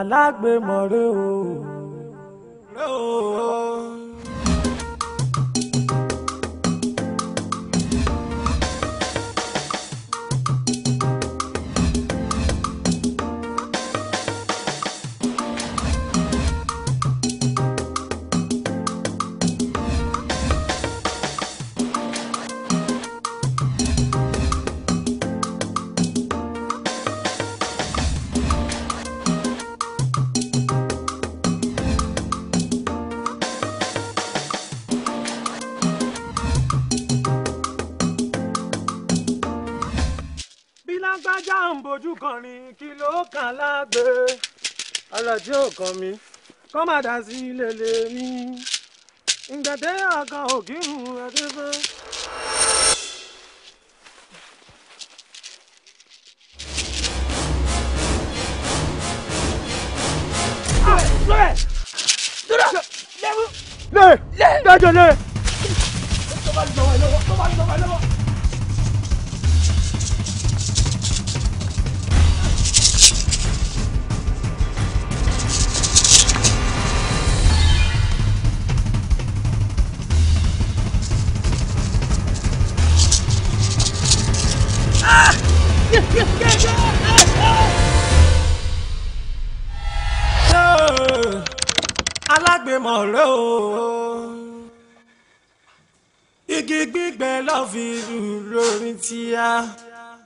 alágbèmọ̀rẹ́ o. tó ń bojú kan ni kí ló kàn lágbe ọlọ́jọ́ òkan mi kọ́ má dá sí lèlè mi ìgbàdé ọkàn òkìrùn ẹgbẹ́ fẹ́.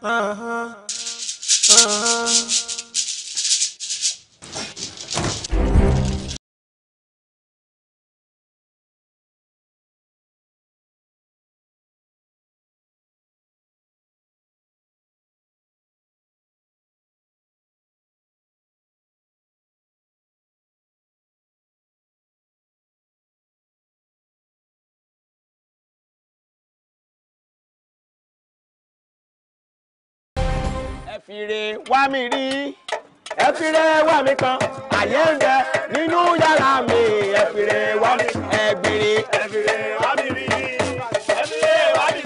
Uh, ẹ fi wá mi rí ẹ fi re wá mi kan àyè ń bẹ nínú yàrá mi ẹ fi wá mi ẹ gbére wá mi rí ẹ mi kan ẹ fi mi rí ẹ fi mi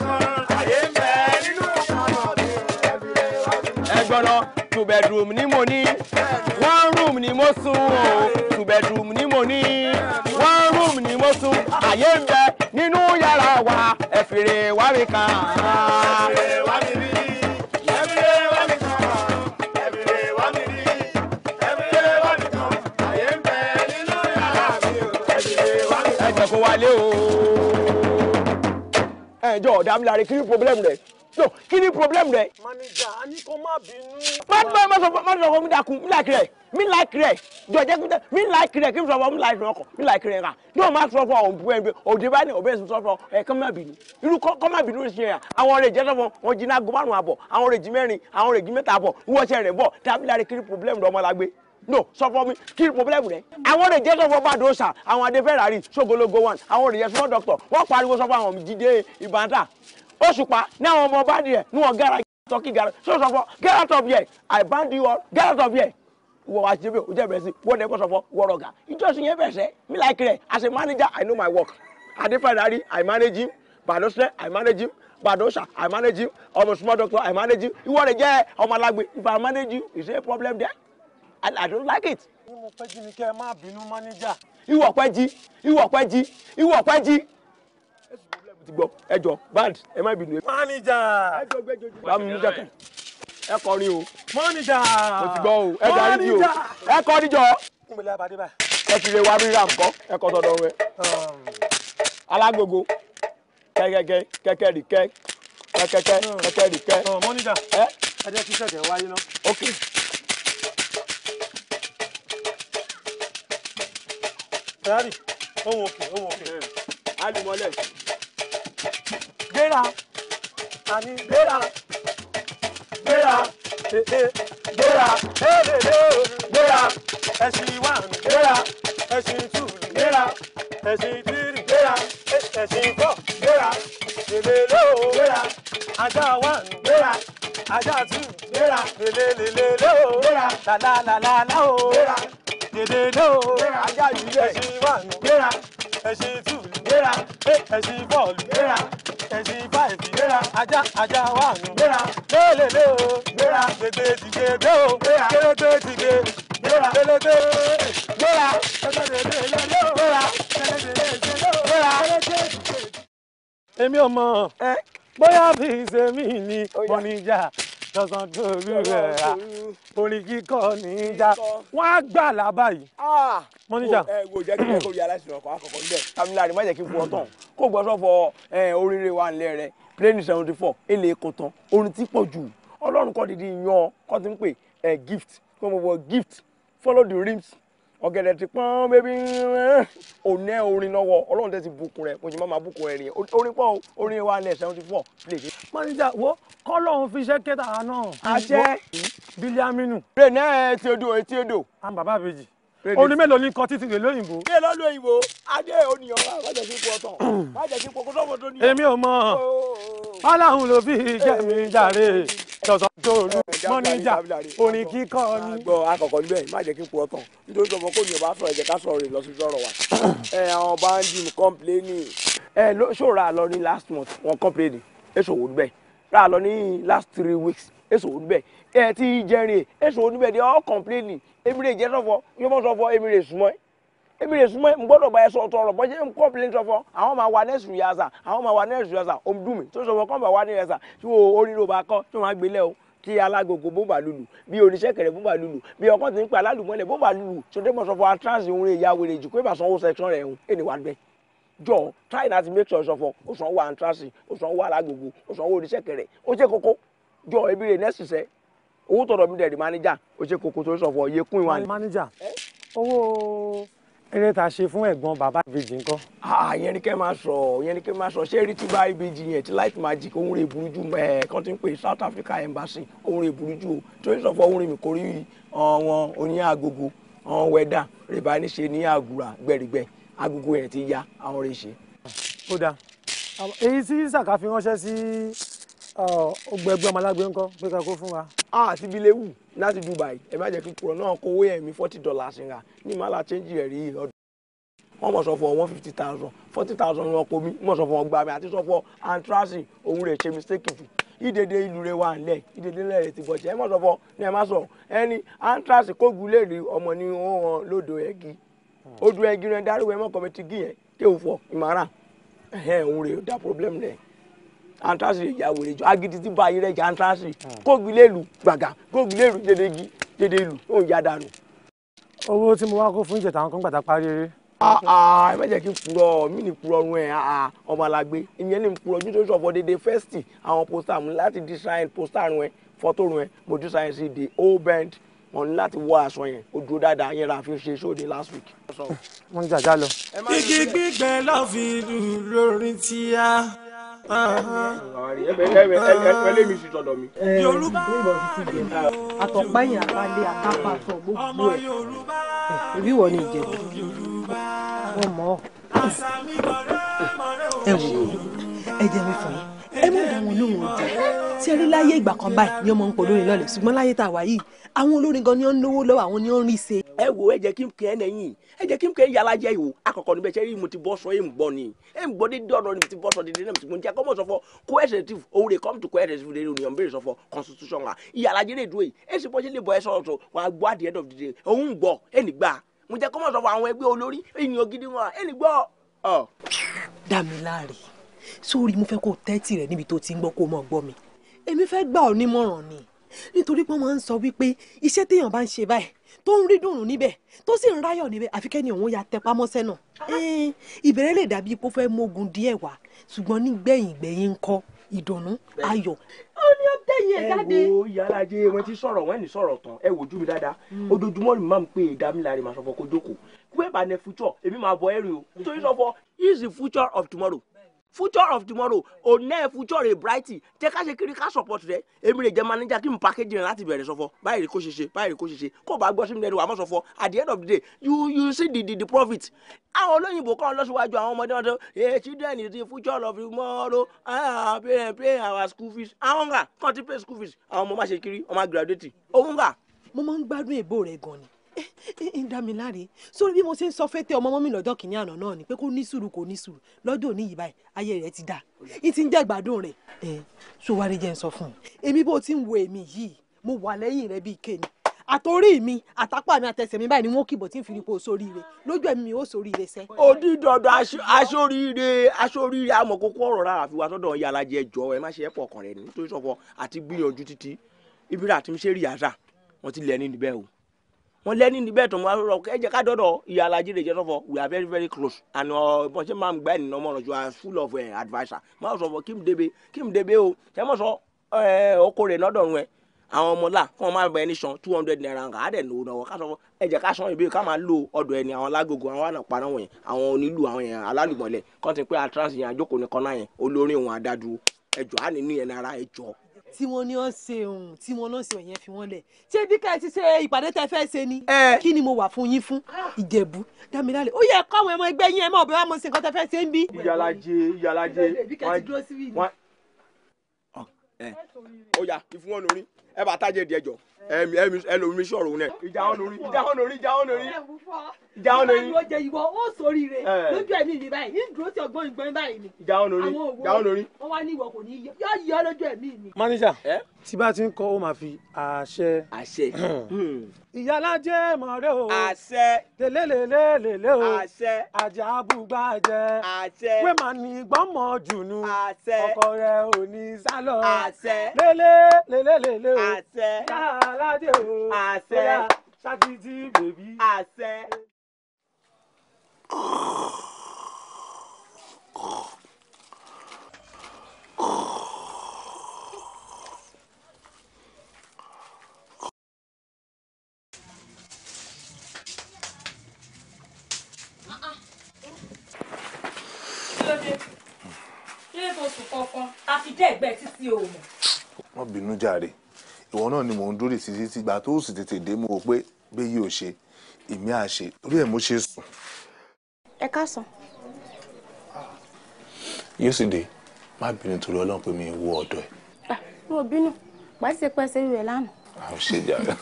kan àyè ń bẹ nínú yàrá mi ẹ mi kan. two bedroom ni mo ní one room ni mo sùn two bedroom ni mo ní one room ni mo sùn àyè ń bẹ lára wa ẹ̀fìrè wá mi kàn án. ẹ̀fìrè wá mi rí. ẹjọ́ kò wálé o. ẹjọ́ ọ̀dà mi lárí kí ni problem rẹ̀ no kí ni problem rẹ. manager a ní kó má bínú. má bá sọ má sọ fún mi dákun mi láìkì rẹ mi láìkì rẹ mi láìkì rẹ kí n sọ fún mi láìkì rẹ ọkọ mi láìkì rẹ nǹkan yóò má sọ fún ọ̀hún búwẹ́ bíi òde bá ní òbí ẹ̀sìn sọ fún ẹ̀ kọ́ má irú kọ́ má ṣe yà àwọn rẹ̀ jẹ́ sọ wọn jiná aago márùn àwọn rẹ̀ jí mẹ́rin àwọn rẹ̀ jí mẹ́ta àbọ̀ wọ́ọ̀ṣẹ̀ rẹ̀ bọ̀ tábìlárì kí ni problem rẹ ọmọ no sọ fún mi kí problem rẹ. àwọn rẹ̀ jẹ́ sọ bàdó ṣà àwọn adé fẹ́rari ṣògológo one àwọn rẹ̀ àwọn jíde ìbáńtà Òṣùpá ní àwọn ọmọ bá nìyẹn ní wọn gara tọkì gara ṣé o get out of here I ban you all get out of here ìwọ wa ṣe bẹ o jẹ bẹrẹ sí wọn dẹ kó sọ fọ wọrọ ga ìjọsìn like it. as a manager I know my work I define Adefaydari I manage him Badosre I manage him Badosha I manage him ọmọ small doctor I manage him You want ìwọ rẹ jẹ ọmọ alágbe if I manage you is there a problem there and I don't like it. You mo pẹ́ jí ni kẹ́ ẹ má bínú manager. ìwọ pẹ́ jí ìwọ pẹ́ jí ìwọ pẹ́ jí ti gbọ́ ẹ band ẹ má bínú. mánìjà bá mi mú jẹ́kẹ̀ ẹ kọrin o. mánìjà mo ti gbọ́ o ẹ darí o ẹ kọrin jọ. kúnbẹ̀lẹ̀ abadé báyìí. ẹ fi lè wá rírà nǹkan ẹ kọ́ tọ̀dọ̀ rẹ. alágogo kẹ́kẹ́kẹ́ kẹ́kẹ́ rí kẹ́ kẹ́kẹ́kẹ́ kẹ́kẹ́ oh, rí ẹ jẹ́ kí sẹ̀kẹ̀ wáyé náà. ok. Ferrari, ohun òkè, ohun òkè. Alùmọ́lẹ̀ ani gbéra tani gbéra gbéra eh, eh, gbéra gbéra ẹ̀sìn one gbéra ẹ̀sìn two gbéra ẹ̀sìn three gbéra ẹ̀sìn four gbéra lèlélò gbéra ajá one gbéra ajá two gbéra lèlélélò gbéra làlàlàlà o gbéra lèlélò ajá yìí ẹ̀sìn one gbéra ẹ̀sìn two gbéra ẹ̀sìn four gbéra ẹ̀sìn báyìí gbéra ajá ajá wà nù gbéra lélẹ̀lẹ̀ o gbéra gbègbè ti gbé gbé o gbéra kérété ti gbé gbéra kérété gbéra kérété lélẹ̀ o gbéra kérété lélẹ̀ o gbéra kérété ti gbé. èmi ò mọ̀ bóyá bí ìṣe mi ni mo níjà dọ́sán torí rẹ̀ ra orin kíkọ́ níjà wọ́n á gbà lábà yìí. mọ́níjà. ẹ wo jẹ́ kí ẹ kó rí aláìsàn ọkọ̀ àkọ́kọ́ níbẹ̀ tamilari má jẹ́ kí n fọ ọtọ̀ kó gbọ́ sọ́fọ oríire wa nílẹ̀ rẹ̀ plane seventy four èlé èkó tán orin tí pọ̀ jù ọlọ́run kọ́ didi yan kọ́ ti ń pè gift kọ́ mọ̀ wọ gift follow the rims ọ̀gẹ̀dẹ̀ ti pọ́n bébí òní eh. ẹ̀ orin lọ́wọ́ ọlọ́run tẹ́ ti bùkún rẹ̀ kò sì má má bùkún ẹ̀rìn orin pọ̀ orin wa ní ẹ̀sẹ̀ ti fọ̀ lè ṣe. mọ́níjà wo kọ́lọ́hún fi iṣẹ́ kẹta náà. àṣẹ bílíàmínú. bẹ́ẹ̀ ní ẹ̀ ti odò etí odò. a bàbá àbèjì orin mélòó ní kọtí ti lè lóyìnbó. bí èlò lóyìnbó adé oníyàn wà má jẹ́ sí ipò ọ̀tàn má jẹ́ sí ipò kótó sọ̀sọ̀ dòlù mọ́níjà orin kíkọ́ ni. gbọ́ akọ̀kọ̀ níbẹ̀ má jẹ́ kí n purọ́ tán nítorí tó mọ kó yóò bá sọ̀rọ̀ ẹ̀jẹ̀ ká sọ̀rọ̀ rẹ̀ lọ sí sọ̀rọ̀ wa. ẹ eh, àwọn bandi kọ́ńpléènì. ẹ ló ṣòro àlọ ní last month wọn kọ́ńpléènì èso wò bẹ́ẹ̀ rà àlọ ní last three weeks èso wò bẹ́ẹ̀ ẹ eh, ti jẹrin èso wò bẹ́ẹ̀ di all kọ́ńpléènì emirè jẹ́ sọ̀fọ̀ yóò mọ̀ sọ̀fọ̀ emirè sùmọ́ ebi de suma ngbọ́dọ̀ e ba ẹsọ ọtọ ọ̀rọ̀ bọjẹ n kọmplain sọfọ àwọn máa wà nẹsùn yà sà àwọn máa wà nẹsùn yà sà omdumi tó sọfọ kọmpa wà nílẹ sà tí kọ tí wọn gbélé o tí alágogo bóbá lulu bí oníṣẹ́ kẹrẹ bóbá lulu bí ọkọ tí ń pa alálùmọ́lẹ̀ bóbá lulu sọdẹ́gbọ̀n sọfọ atrans ìhun rẹ̀ ìyá wèrè jù pé bá sanwó section rẹ̀ ń ènìwà gbẹ jọ try make sure sọfọ ó sanwó atrans ó sanwó alágogo ó sanwó oníṣẹ́ di manager ṣe tó sọfọ eré tá a ṣe fún ẹ̀gbọ́n bàbá ìbejì ńkọ́. Ah, yẹn ni kẹ́ máa sọ yẹn ni kẹ́ máa sọ ṣé eré tí bá ìbejì yẹn ti light magic ohun rẹ̀ burú jù kan ti ń South Africa Embassy ohun rẹ̀ burú jù o torí ohun rẹ̀ mi kò rí ọ̀wọ́n oní agogo ọ̀wọ́n wẹ́dà rìbá ní ṣe ní àgùrà gbẹ̀rìgbẹ̀ agogo yẹn ti ya àwọn rẹ̀ ṣe. ó dáa èyí tí sàkà fi ránṣẹ́ sí ọgbẹ ẹgbẹ ọmọlágbé ńkọ́ pé ká kó fún wa. a ti bi lewu láti Dubai ẹ má jẹ́ kí kúrò náà kówó yẹn mi forty dollars ra ní màálà change rẹ̀ rí ọdún. wọ́n mọ̀ sọ fún ọ one fifty thousand forty thousand ní ọkọ mi mọ̀ sọ fún ọgbà mi àti sọ fún antrasi òun rẹ̀ ṣe mistake fún ìdèdè ìlú rẹ̀ wà nílẹ̀ ìdèdè ilẹ̀ rẹ̀ ti bọ̀ṣẹ̀ ẹ mọ̀ sọ fún ní ẹ má sọ ẹni antrasi kógun lè rí ọmọ ní wọn lódò ẹgí odò ẹgí rẹ̀ dárúwẹ̀ mọ̀kọ́ mi ti gí yẹn kéwù fọ ìmọ̀ràn ẹ̀hẹ́n òun rẹ̀ ó dá problem rẹ̀ antrasi lè jà wèrè jọ agidi tí bá ayé rẹ jà antrasi kóògì lè gbàgà kóògì lè lù dédégi ó ya dànù. owó tí mo wá kó fún ìjẹta àwọn gbàtà parí eré. ẹ má jẹ́ kí n purọ́ mí ní purọ́ ọ̀run ẹ̀ ọmọ alágbé ìyẹn ní purọ́ ojú tó sọ̀fọ̀ dédé fẹ́sítì àwọn pósítà mú láti design pósítà run ẹ fọ́tò run ẹ mo design sí the old bend wọn ní láti wọ aṣọ yẹn ó dáadáa yẹn ra fi ṣe sóde last week. wọ́n ń jàjà lọ. igi gbígbẹ lọ́ọ́ fi lù lórí tíá ẹlẹ́mi sì tọ̀dọ̀ mi. yorùbá àtọ̀páyìn àpàlẹ àkápàtọ̀ gbogbo ẹ̀ ìbí wọ ni ìjẹ̀bù wọ́n mọ̀ ọ́. ẹ wò ẹ jẹ́ mi fún yín ẹ mú ìdáhùn olóhùn ọjà tí ẹ rí láyé ìgbà kan báyìí ni ọmọ ń pọ̀ lórí lọ́lẹ̀ ṣùgbọ́n láyé tá a wà yìí àwọn olórin gan ni ó ń lówó lọ́wọ́ àwọn ni ó ń rí ṣe ẹ wo ẹ jẹ́ kí n kẹ́ ẹ nẹ́yìn ẹ jẹ́ kí n kẹ́ ẹ yàrá jẹ́ ìwò akọ̀kọ̀ níbẹ̀ ṣe rí mo ti bọ́ sọ èmi gbọ́ ni èmi gbọ́ dédé ọ̀nà ni mo ti bọ́ sọ dédé náà mo ti gbọ́ ní akọ́mọ̀ sọ fọ òun rè come to coercitive rè ni òun béèrè sọ wa ìyàrá lè dúró yìí ẹ sì bọ́ sí lè bọ́ ẹ sọ̀rọ̀ sọ wà á gbọ́ at the end of the day òun gbọ́ ẹnì gbà mo jẹ́ kọ́mọ̀ sọ àwọn ẹgbẹ́ olórí nítorí pé wọ́n máa ń sọ wípé iṣẹ́ téèyàn bá ń ṣe báyìí tó ń rí dùnrùn níbẹ̀ tó sì ń ráyọ̀ níbẹ̀ àfi kẹ́ni òun ya tẹpámọ́sẹ́ náà eh, ìbẹ̀rẹ̀ lè dàbí pé ó fẹ́ mógun díẹ̀ wá ṣùgbọ́n nígbẹ̀yìn gbẹ̀yìn ń kọ́ ìdùnnú ayọ̀. ó ní ó tẹ̀yìn ẹ̀ jáde. ẹ wo yàrá ajé wọn ti sọ̀rọ̀ wọn ní sọ̀rọ̀ tán ẹ wojú mi dáadáa hmm. ojoojúmọ́ ni màá pè é dámìláre màá sọ fọ kó jókòó wíwẹ́ bá ní future èmi máa bọ ẹ̀rì o nítorí sọ fọ is the future of tomorrow future of tomorrow òní ẹ̀ future rẹ̀ bright jẹ́ ká ṣe kiri ká support rẹ̀ èmi rè jẹ́ manager kí n package rẹ̀ láti bẹ̀rẹ̀ sọ́fọ́ báyìí rè kó ṣe ṣe báyìí rè kó ṣe ṣe kó bá gbọ́ sí mi lẹ́nu wà á mọ̀ sọ́fọ́ at the end of the day you you see the the, the profit. àwọn olóyìnbó kan lọ́síwájú àwọn ọmọdé wọn tó ẹ children is the future of tomorrow ah pay pay our school fees àwọn nga kàn ti pay school fees àwọn ọmọ má ṣe kiri ọmọ graduate òun nga. mo máa ń gbádùn èbó rẹ gan ni ń dá mi láre sórí bí mo ṣe ń sọ fẹ́ tẹ ọmọ mọ́mí lọ́jọ́ kìíní àná náà ni pé kó ní sùúrù kó ní sùúrù lọ́dọ̀ òní yìí báyìí ayé rẹ̀ ti dà ń ti ń jẹ́ ìgbádùn rẹ̀ ẹ ṣòwárí jẹ́ ń sọ fún un èmi bó ti ń wo èmi yìí mo wà lẹ́yìn rẹ̀ bíi kéènì àtòrí mi àtàpá mi àtẹsẹ̀ mi báyìí ni wọ́n kìbọ̀ tí ń fi ipò sóríire lójú ẹ̀mí mi ó sóríire sẹ́. odi dọdọ aṣoríire aṣoríire amọ̀kókó ọ̀rọ̀ rárá fi wá sọ́dọ̀ ìyá alájẹ jọ ẹ má ṣe é pọ̀ ọkàn rẹ nítorí sọ̀fọ̀ àti gbìyànjú títí ibi rà tí ń ṣe rí àṣà wọn ti lẹ̀ ní níbẹ̀ o wọn lẹ́ni níbẹ̀ tó ń wá rọ ẹ ká dọ́dọ̀ ìyá alájí lè jẹ́ sọ́fọ̀ we are very very close and uh, bọ́n ṣe máa ń gbá ẹ̀nì náà full of uh, adviser máa sọ̀fọ̀ kí n debe kí n debe o ṣe mọ̀ sọ ọkọ uh, rẹ̀ nọ́dọ̀rùn ẹ̀ àwọn ọmọ là kí wọ́n máa bẹ ẹni san two hundred naira nǹkan á dẹ̀ lò ó náà ká sọ ẹ jẹ́ ká san ìbéèrè ká máa lo ọ̀dọ̀ ẹni àwọn alágogo àwọn ànàpàrọ̀ wọ̀nyẹn àwọn onílù àwọn yẹn alálùmọ̀lẹ̀ kọ́ ti pé atrans yẹn àjókòó nìkan náà yẹn olórin òun àdádúró ẹjọ́ á tí wọ́n ní ọ́ ṣe òun tí wọ́n lọ́ ṣe òun yẹn fi wọ́n lẹ̀ ṣé bí ká ẹ ti ṣe ìpàdé tẹ fẹ́ ṣe ni kí ni mo wà fún yín fún ìjẹ̀bú dámilálẹ̀ ó yẹ káwọn ẹmọ ẹgbẹ́ yín ẹmọ ọ̀bẹ wa mo ṣe nǹkan tẹ fẹ́ ṣe ń bí. ìyàlájẹ ìyàlájẹ wọn ẹ ó yà ìfúnwọ́n lórí ẹ bá tájẹ di ẹjọ ẹ lomi mi sọ̀rọ̀ òun náà. ìjà wọn lórí ìjà wọn lórí ìjà wọn lórí. ìjà wọn lórí. ìwọ jẹ ìwọ ó sórí rẹ lójú ẹmí mi báyìí ní dúró sí ọgbọ́n ìgbọ́n báyìí ni. ìjà wọn lórí ìjà wọn lórí. wọn wá ní ìwọ kò ní yọ yọ lójú ẹmí mi. mánìjà tí bá ti ń kọ́ ó máa fi àṣẹ. àṣẹ. ìyálàjẹ mọ̀rẹ́ o. àṣẹ. tẹ̀lélélélélé o. àṣẹ. àjà abúgbàjẹ. àṣẹ. wé màá ní gbọ́mọ̀ jùnú. àṣẹ. ọkọ rẹ ò ní sálọ. àṣẹ. lélélélélé o àṣẹ ṣáàládé o àṣẹ ṣáàtìtì bèbí àṣẹ. kí ló bínú jàre ìwọ náà ni mò ń dúró títí tí gbà tó sì tètè dé mú o pé béyìí ò ṣe èmi à ṣe torí ẹ̀ mo ṣe sùn. ẹ káàsán. yéṣùdé má bínú torí ọlọ́run pé mi wọ ọ̀dọ̀ ẹ̀. Ah, mo bínú pàṣẹ ṣe pẹ́ sẹ́yìn rẹ̀ lánàá. a ò ṣe jà. Ah.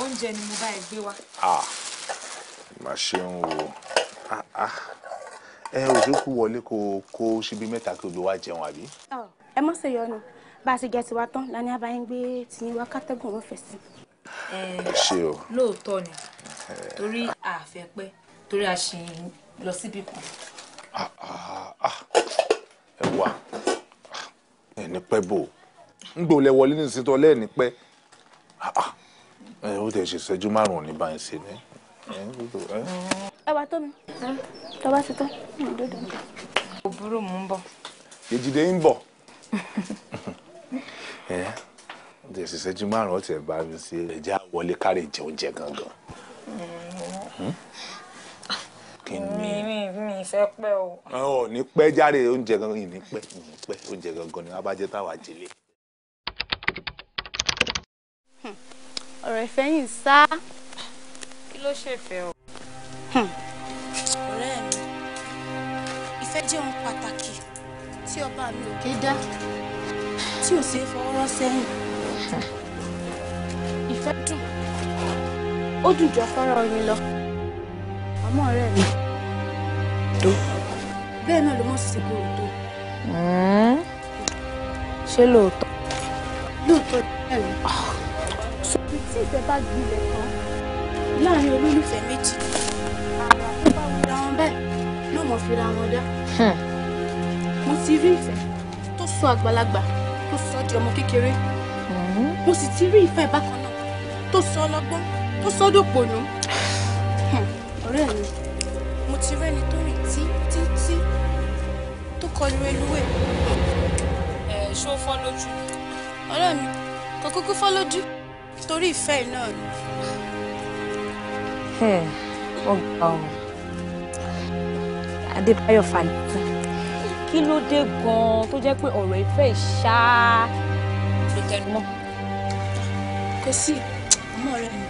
oúnjẹ ni mo bá ẹ gbé wá. Ah, má ṣeun o ẹ òṣèkú wọlé kó kó síbi mẹ́ta kí o lè wá jẹun àbí. ẹ má ṣe yọnu bá a ṣe jẹ tiwa tán la ní abáyé ń gbé tiyín wá kátẹ́gùn wọn fẹ̀ sí. ẹ ṣe o lóòótọ́ ni torí àfẹ́pẹ́ torí a ṣì ń lọ síbi kan. ẹ wà ẹ ní pẹ́ bò ń gbò lẹ wọlé ní ìsìtọ́ lẹ́ẹ̀ní pẹ́ ó tẹ̀ ṣe ìṣẹ́jú márùn-ún ní báyìí ṣe ni. ẹ wà tó mi tó bá ṣe tán òbúrò mú ń bọ̀. èjìdé ń bọ̀. ó ti ṣiṣẹ́jú márùn-ún ọ̀tí ẹ̀ bá mi sí ẹ̀jẹ̀ àwọlé kárí ìjẹ oúnjẹ gangan. Mm. kí ni mi mi fẹ́ pẹ́ o. ọ̀ ní pẹ́ járe oúnjẹ gangan yìí ní pẹ́ ní pẹ́ oúnjẹ gangan ni wọ́n bá jẹ́ táwa jìlẹ̀. Hmm. ọ̀rọ̀ ìfẹ́ yìí sá kí ló ṣèfẹ́ o. Hmm. ọ̀rẹ́ mi ìfẹ́ jẹ́ ohun pàtàkì tí ọba mi ò kéé tí ò ṣe é fọwọ́rọ́ sẹ́yìn. ìfẹ́ dùn ó dùn jọ fọ́rọ̀ oyin lọ àmọ́ ọ̀rẹ́ mi tó bẹ́ẹ̀ náà ló mọ̀ sí kó o tó. Hmm. ṣé lóòótọ́. lóòótọ́ ìfẹ́ rẹ̀ ah. sọ́bi tí ìfẹ́ bá gbilẹ̀ kan láàrin olólùfẹ́ méjì àrà tó bá wọn ra wọn bẹ́ẹ̀ ló mọ̀ fi ra wọn dá. Hmm. mo ti rí ìfẹ́ tó sọ àgbàlagbà tó sọ di ọmọ kékeré hmm? mo sì ti rí ìfẹ́ bákan náà tó sọ ọlọ́gbọ́n tó sọ dòpònú. Hmm, ọ̀rẹ́ mi mo ti rẹ́ni tó rìn tí tí tí tó kọlu eluwe. ẹ ṣó fọ́ lójú ọ̀rẹ́ mi kò kúkú fọ́ lójú torí ìfẹ́ náà ni. ọgbà hmm, ọ̀hún adébáyọ̀ fani kú kí ló dé gan-an tó jẹ́ pé ọ̀rọ̀ ìfẹ́ ìṣá ló tẹnu mọ́. kò sí ọmọ rẹ mi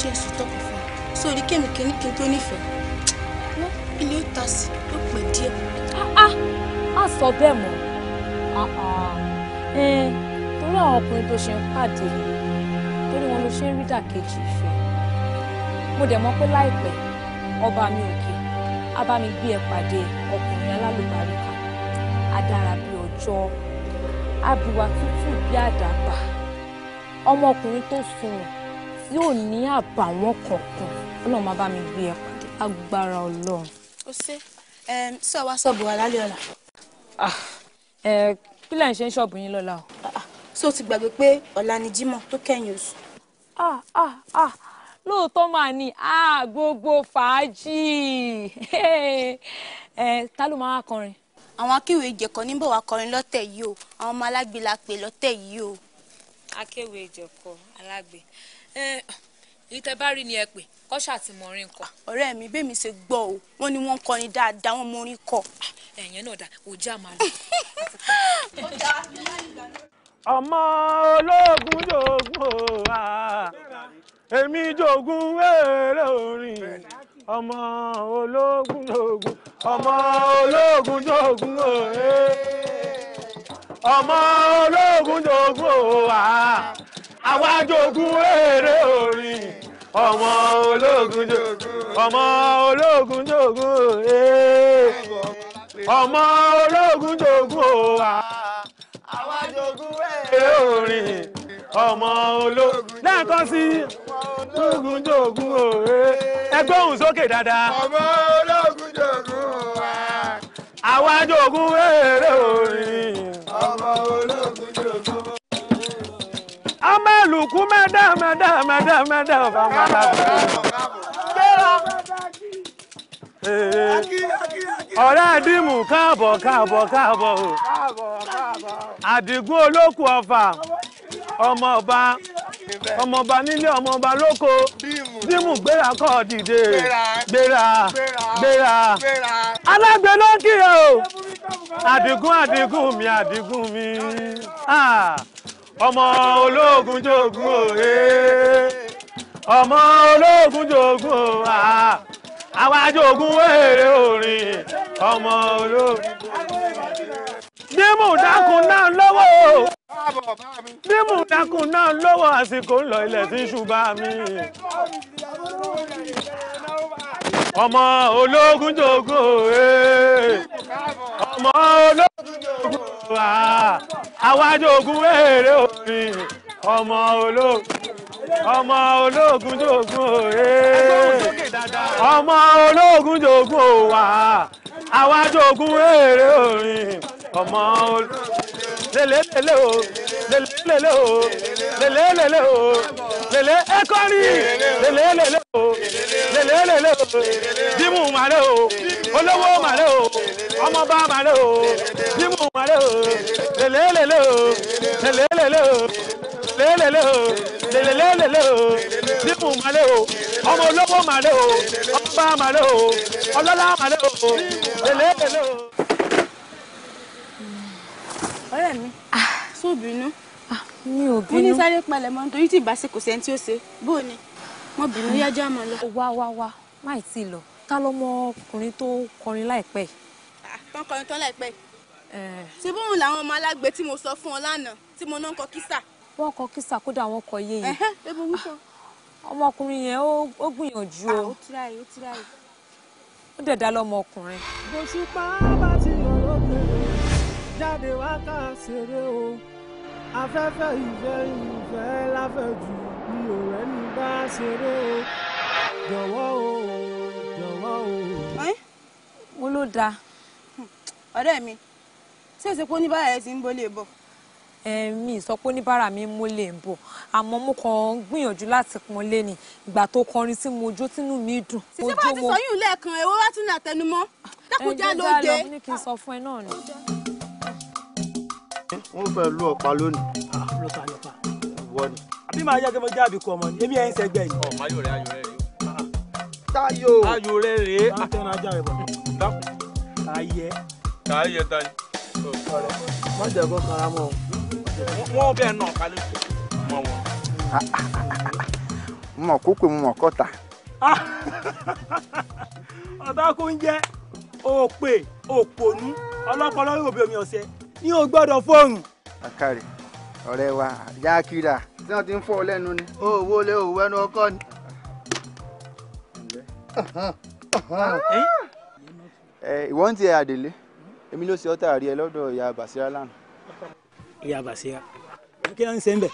jẹ́ èso tọ́kù fún mi sórí kémi kíní kí n tó nífẹ̀ẹ́ wọ́n ilé ó ta sí ló pẹ́ díẹ̀. Ah, ah, a sọ bẹ́ẹ̀ mọ́ ah, eh, torí àwọn ọkùnrin tó ṣe ń pàdé torí wọn ló ṣe ń rí dàkejì ìfẹ́ mo dẹ̀ mọ̀ pé láìpẹ́ ọba mi òkè abami gbé ẹ pàdé ọkùnrin alálùbárí kan adára bí ọjọ́ abùwà tútù bí àdàbà ọmọkùnrin tó sunwọ̀n tí ò ní àbàwọ́n kankan ọlọ́run má bá mi gbé ẹ pàdé agbára ọlọ́run. ó ṣe sọ wá ṣọ́ọ̀bù wa lálẹ́ ọ̀la. Ah, kí lẹ́yìn ṣe ń ṣọ́ọ̀bù yín lọ́la o. Ah, ah. ṣé o ti gbàgbé pé ọ̀la ni jímọ̀ tó kẹ́yìn oṣù. lóòótọ́ máa ní gbogbo fàájì ta ló máa kọrin àwọn akéwì ìjẹ̀kọ́ níbọ̀ wá kọrin lọ́tẹ̀ yìí o àwọn ọmọ alágbe la pè lọ́tẹ̀ yìí o. akéwì ìjẹ̀kọ́ alágbe èyí tẹ bá rí ni ẹ pè kọ́ṣà ti mọ orin kọ. ọ̀rẹ́ mi bẹ́ẹ̀ mi ṣe gbọ́ o wọ́n ní wọ́n kọrin dáadáa wọ́n mọ orin kọ. ẹ̀yẹn náà dá òjá máa lọ. ọmọ ológun jogun o ah. èmi jogun wẹ́ẹ́rẹ́ orin ọmọ ológun lógun ọmọ ológun lógun o eh. ọmọ ológun lógun o oh, wa ah. àwa jogún èrè orin ọmọ ológun jogún ọmọ ológun jogún o eh. ọmọ ológun jogún o oh, wa ah. àwa jogún èrè orin ọmọ ológun lẹ́ẹ̀kan sí i. tógun eh. ẹgbẹ́ òun sókè dáadáa. ọmọ ológun jogun wa. Ah. àwa jogun eré orin. ọmọ ológun jogun. ọmọ eh. ìlùkù mẹ́dá mẹ́dá mẹ́dá mẹ́dá ọ̀fà mọ́lá. ọ̀rẹ́ àdìmú káàbọ̀ káàbọ̀ káàbọ̀ o. àdìgún olókùn ọmọ ọba. ọmọọba nílé ọmọọba lóko dímù gbéra kọ́ dìde gbéra gbéra alágbe ló kí ẹ o àdìgún àdìgún mi àdìgún mi ah. ọmọ ológun jogun òye eh. ọmọ ológun jogun o ah. àwa jogun wèrè orin ọmọ ológun dímú dákun náà lọ́wọ́ o dímú dákun náà lọ́wọ́ àsìkò ńlọ ilẹ̀ tí ń ṣùgbà mi. ọmọ ológun jogo eh. ọmọ ológun jogo ah. àwájú ogun èrè orin ọmọ ológun ọmọ ológun jogun ee eh. ọmọ ológun jogun wà ah. àwa jogun èrè orin ọmọ lélẹ́lẹ́lẹ́ o lélẹ́lẹ́lẹ́ o lélẹ́lẹ́lẹ́ o lélẹ́ ẹ̀kọ́rí lélẹ́lẹ́lẹ́ o lélẹ́lẹ́lẹ́ o bímú màlẹ́ o olówó màlẹ́ o ọmọba màlẹ́ o bímú màlẹ́ o lélẹ́lẹ́lẹ́ o lélẹ́lẹ́lẹ́ o lélẹ́lẹ́lẹ́ o lélẹ́lẹ́lẹ́ o bímú màlẹ́ o ọmọ olówó màlẹ́ o ọba màlẹ́ o ọlọ́lá màlẹ́ o lélẹ́lẹ́lẹ́ o ọ̀rẹ́ mi sún ah. bínú ah, mi ò bínú mo ní sáré palẹ̀ mọ́ nítorí tí ìbáṣe kò sẹ́ni tí ó ṣe bó ni mo bínú yájá mọ́ lọ. wá wá wá máì tí lọ ta lọmọ ọkùnrin tó kọrin láìpẹ́ yìí. Ah, tán kọrin tán láìpẹ́ yìí. Eh. ṣé bóun làwọn ọmọ alágbe tí mo sọ fún ọ lánàá tí mo náà kọ kísà. wọn kọ kísà kódà wọn kọ iye yìí. ọmọkùnrin yẹn ó gbìyànjú o. ó tíráyè ó tíráyè. ó dẹ̀ dá lọ́mọ ọkùnrin. bó ṣùpá bá ti yọ̀ lókun jáde wá ká ṣeré o afẹ́fẹ́ ìfẹ́ ìfẹ́ láfẹ̀jù mi ò rẹ́ni bá ṣeré o jọ̀wọ́ o jọ̀wọ́ o. mo ló dáa ọ̀rẹ́ mi ṣé èsì pé oníbàárà ẹ ti ń bọ́lé bọ̀. mi sọ pé oníbàárà mi mú lè ń bọ̀ àmọ́ mo kàn ń gbìyànjú láti pọn lẹ́ni ìgbà tó kọrin tí mo jó tínú mi dùn. ṣíṣe bá ti sọ yìí lẹ́ẹ̀kan èwo wá tún ní àtẹnumọ́ dákújá lóde. ẹ jẹ́ lọ ní kí n sọ fún ẹ náà ni wọ́n fẹ́ lú ọ̀pá lónìí. Ah, lọ́pàá lọ́pàá. ìwọ ni. àbí màá yẹ kí mo jẹ́ àbíkú ọmọ ni èmi ẹ̀ ń sẹ́gbẹ̀ yìí. ọ̀ máyò rẹ̀ ayò rẹ̀ rèé. táyò. ayò rẹ̀ rèé. máa ń tẹ́ran ajá rẹ̀ bọ̀. dákun. káyẹ. káyẹ ta ni. ọ̀rẹ́ wọ́n jẹ́ kó kara mọ́ o. wọ́n bẹ́ẹ̀ náà kálí mọ́ wọn. mọ̀ kókò mọ̀ kọ́ta. ọ̀tá kò ń jẹ́ òpè òpònú ọlọ́pàá lọ́rùn òbí omi ọ̀sẹ̀ ní o gbọ́dọ̀ fóònù. àkàrẹ̀ ọ̀rẹ́ wa já kíra tí wọ́n ti ń fọ́ ọ lẹ́nu ni. owó lé òwú ẹnu ọkọ ni. ìwọ ń tiẹ̀ àdèlé èmi ló ṣe ọ́ tààrí ẹ lọ́dọ̀ ìyá Basira lánàá. ìyá Basira kí ló ń ṣe ń bẹ̀.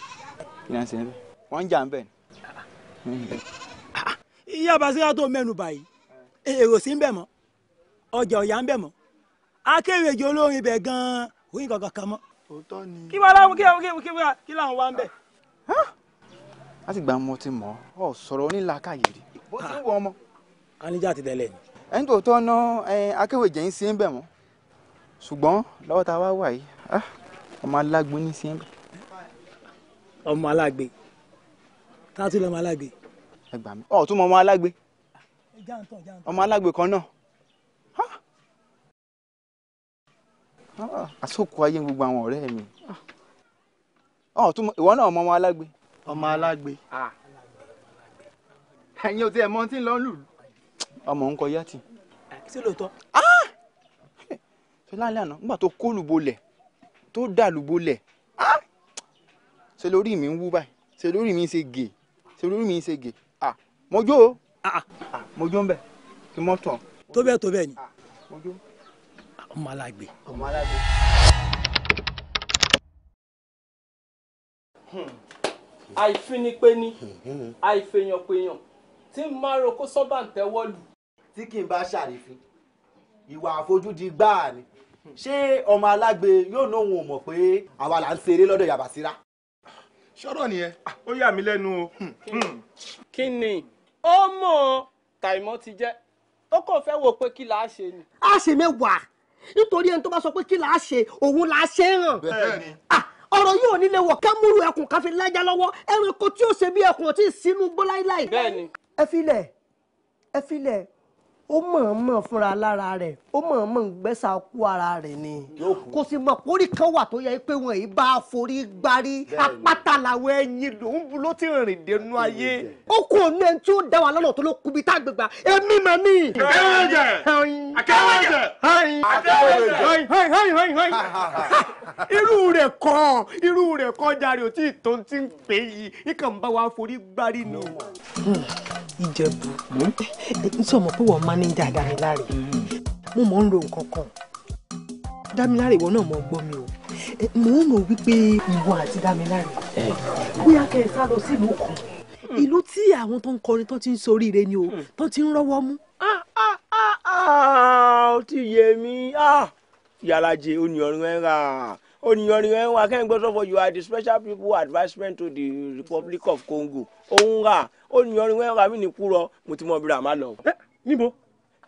kí ló ń ṣe ń bẹ̀ wọ́n ń jà ń bẹ̀ ni. ìyá Basira tó mẹ́nu báyìí èrò sí ń bẹ̀ mọ́ ọjà ọ̀yà ń bẹ̀ mọ́ akérèjì olórin bẹ̀ gan-an oyin kankan kan mọ́. òótọ́ ni. kí wàá láwọn kí wàá kí wàá kí wàá kí làwọn wá ń bẹ̀. láti gba ọmọ ti mọ ọ sọ̀rọ̀ onílàákàyè rè bó ti wọ ọmọ. anijá ti tẹ̀lé ni. ẹni tó tọ́ ná akéwì jẹ́ ń sí ń bẹ̀ mọ́ ṣùgbọ́n lọ́wọ́ tá a wá wà yìí ọmọ alágbe ní sí ń bẹ̀. ọmọ alágbe tá a tún lọ́mọ alágbe. ẹ gbà mí ọ̀ tún mọ ọmọ alágbe ọmọ alágbe kan náà Ah. àsòkò ayé gbogbo àwọn ọ̀rẹ́ mi ah. ọ̀hún tó ìwọ náà ọmọ ọmọ alágbe. ọmọ alágbe. Ah. ẹ̀yin ò tiẹ̀ mọ tí ń lọ lùlù. ọmọ ń kọ yàtì. ṣé lóòótọ́. ṣé lálẹ́ àná nígbà tó kó lùbolẹ̀ tó dà lùbolẹ̀ ṣe lórí mi ń wú báyìí ṣe lórí mi ń ṣe gè ṣe lórí mi ń ṣe gè mojó mojó ń bẹ kí mọ́tò. tó bẹ́ẹ̀ tó bẹ́ẹ̀ ni. mojó ọmọ alágbe. ọmọ alágbe. Hmm. àìfinipéni àìfèèyànpéyàn tí ń máa roko sọ́bà ń tẹ́wọ́ lù. tí kì í bá ṣàrífín ìwà àfojúdi gbáà ni ṣé ọmọ alágbe yóò ní òun ò mọ̀ pé àwa là ń ṣeré lọ́dọ̀ yàbá síra. sọ̀rọ̀ nìyẹn ah, ó yà mí lẹ́nu o. Hmm, hmm. kí ni ó mọ̀ ọ́ tàìmọ́ ti jẹ́ ó kàn fẹ́ wò pé kí là á ṣe ni. a ṣe mẹ́wàá nítorí ẹni tó bá sọ pé kí làá ṣe òun làá ṣe é hàn. bẹ́ẹ̀ni ah, ọ̀rọ̀ yìí ò ní lè wọ̀ kámúrú ẹkùn káfí lájà lọ́wọ́ ẹranko tí ó ṣe bí ẹkùn ò tí ì sínú gbó láíláì. ẹ filẹ̀ ẹ filẹ̀ ó mọ̀ọ́mọ̀ fúnra lára rẹ̀ ó mọ̀ọ́mọ̀ ń gbẹ́sà kú ara rẹ̀ ni kò sì mọ̀ pórí kan wà tó yẹ pé wọn yìí bá forí gbárí apáta làwọn ẹyin lòún bu ló ti rìn dénú ayé ó kú òun ẹni tí ó dá wa lọ́nà tó ló kubi tá a gbégbá èmi mà ní. akẹ́wọ̀jẹ̀ akẹ́wọ̀jẹ̀ akẹ́wọ̀jẹ̀ irú rẹ̀ kọ́ irú rẹ̀ kọ́ jàre ò tí ì tó ti ń pè yìí ikàn bá wa forí gbárí ni. ìjẹ̀bù ẹ ń sọ mọ̀ pé wọ́n máa máa ń dá Dámiláre mo mọ̀ ń ro nǹkan kan Dámiláre ìwọ náà mọ̀ gbọ́ mi o mo ń rò wípé ìwọ àti Dámiláre bóyá kẹ́ ẹ sá lọ sílùú kan hmm. ìlú tí àwọn tó ń kọrin tó ti ń soríire ni o hmm. tó ti ń rọ́wọ́ mú. Ah, ah, ah, ó ti yé mi yàrá oníyanrin ẹ̀ ń oníyanrin ẹ̀ ń kẹ́hìn gbọ́dọ̀ for you are the special people advisement to the Republic of Congo ó ń ra oníyanrin ẹ̀ ń ra mí ní kúrọ mo ti mọ ibi rà má lọ. níbo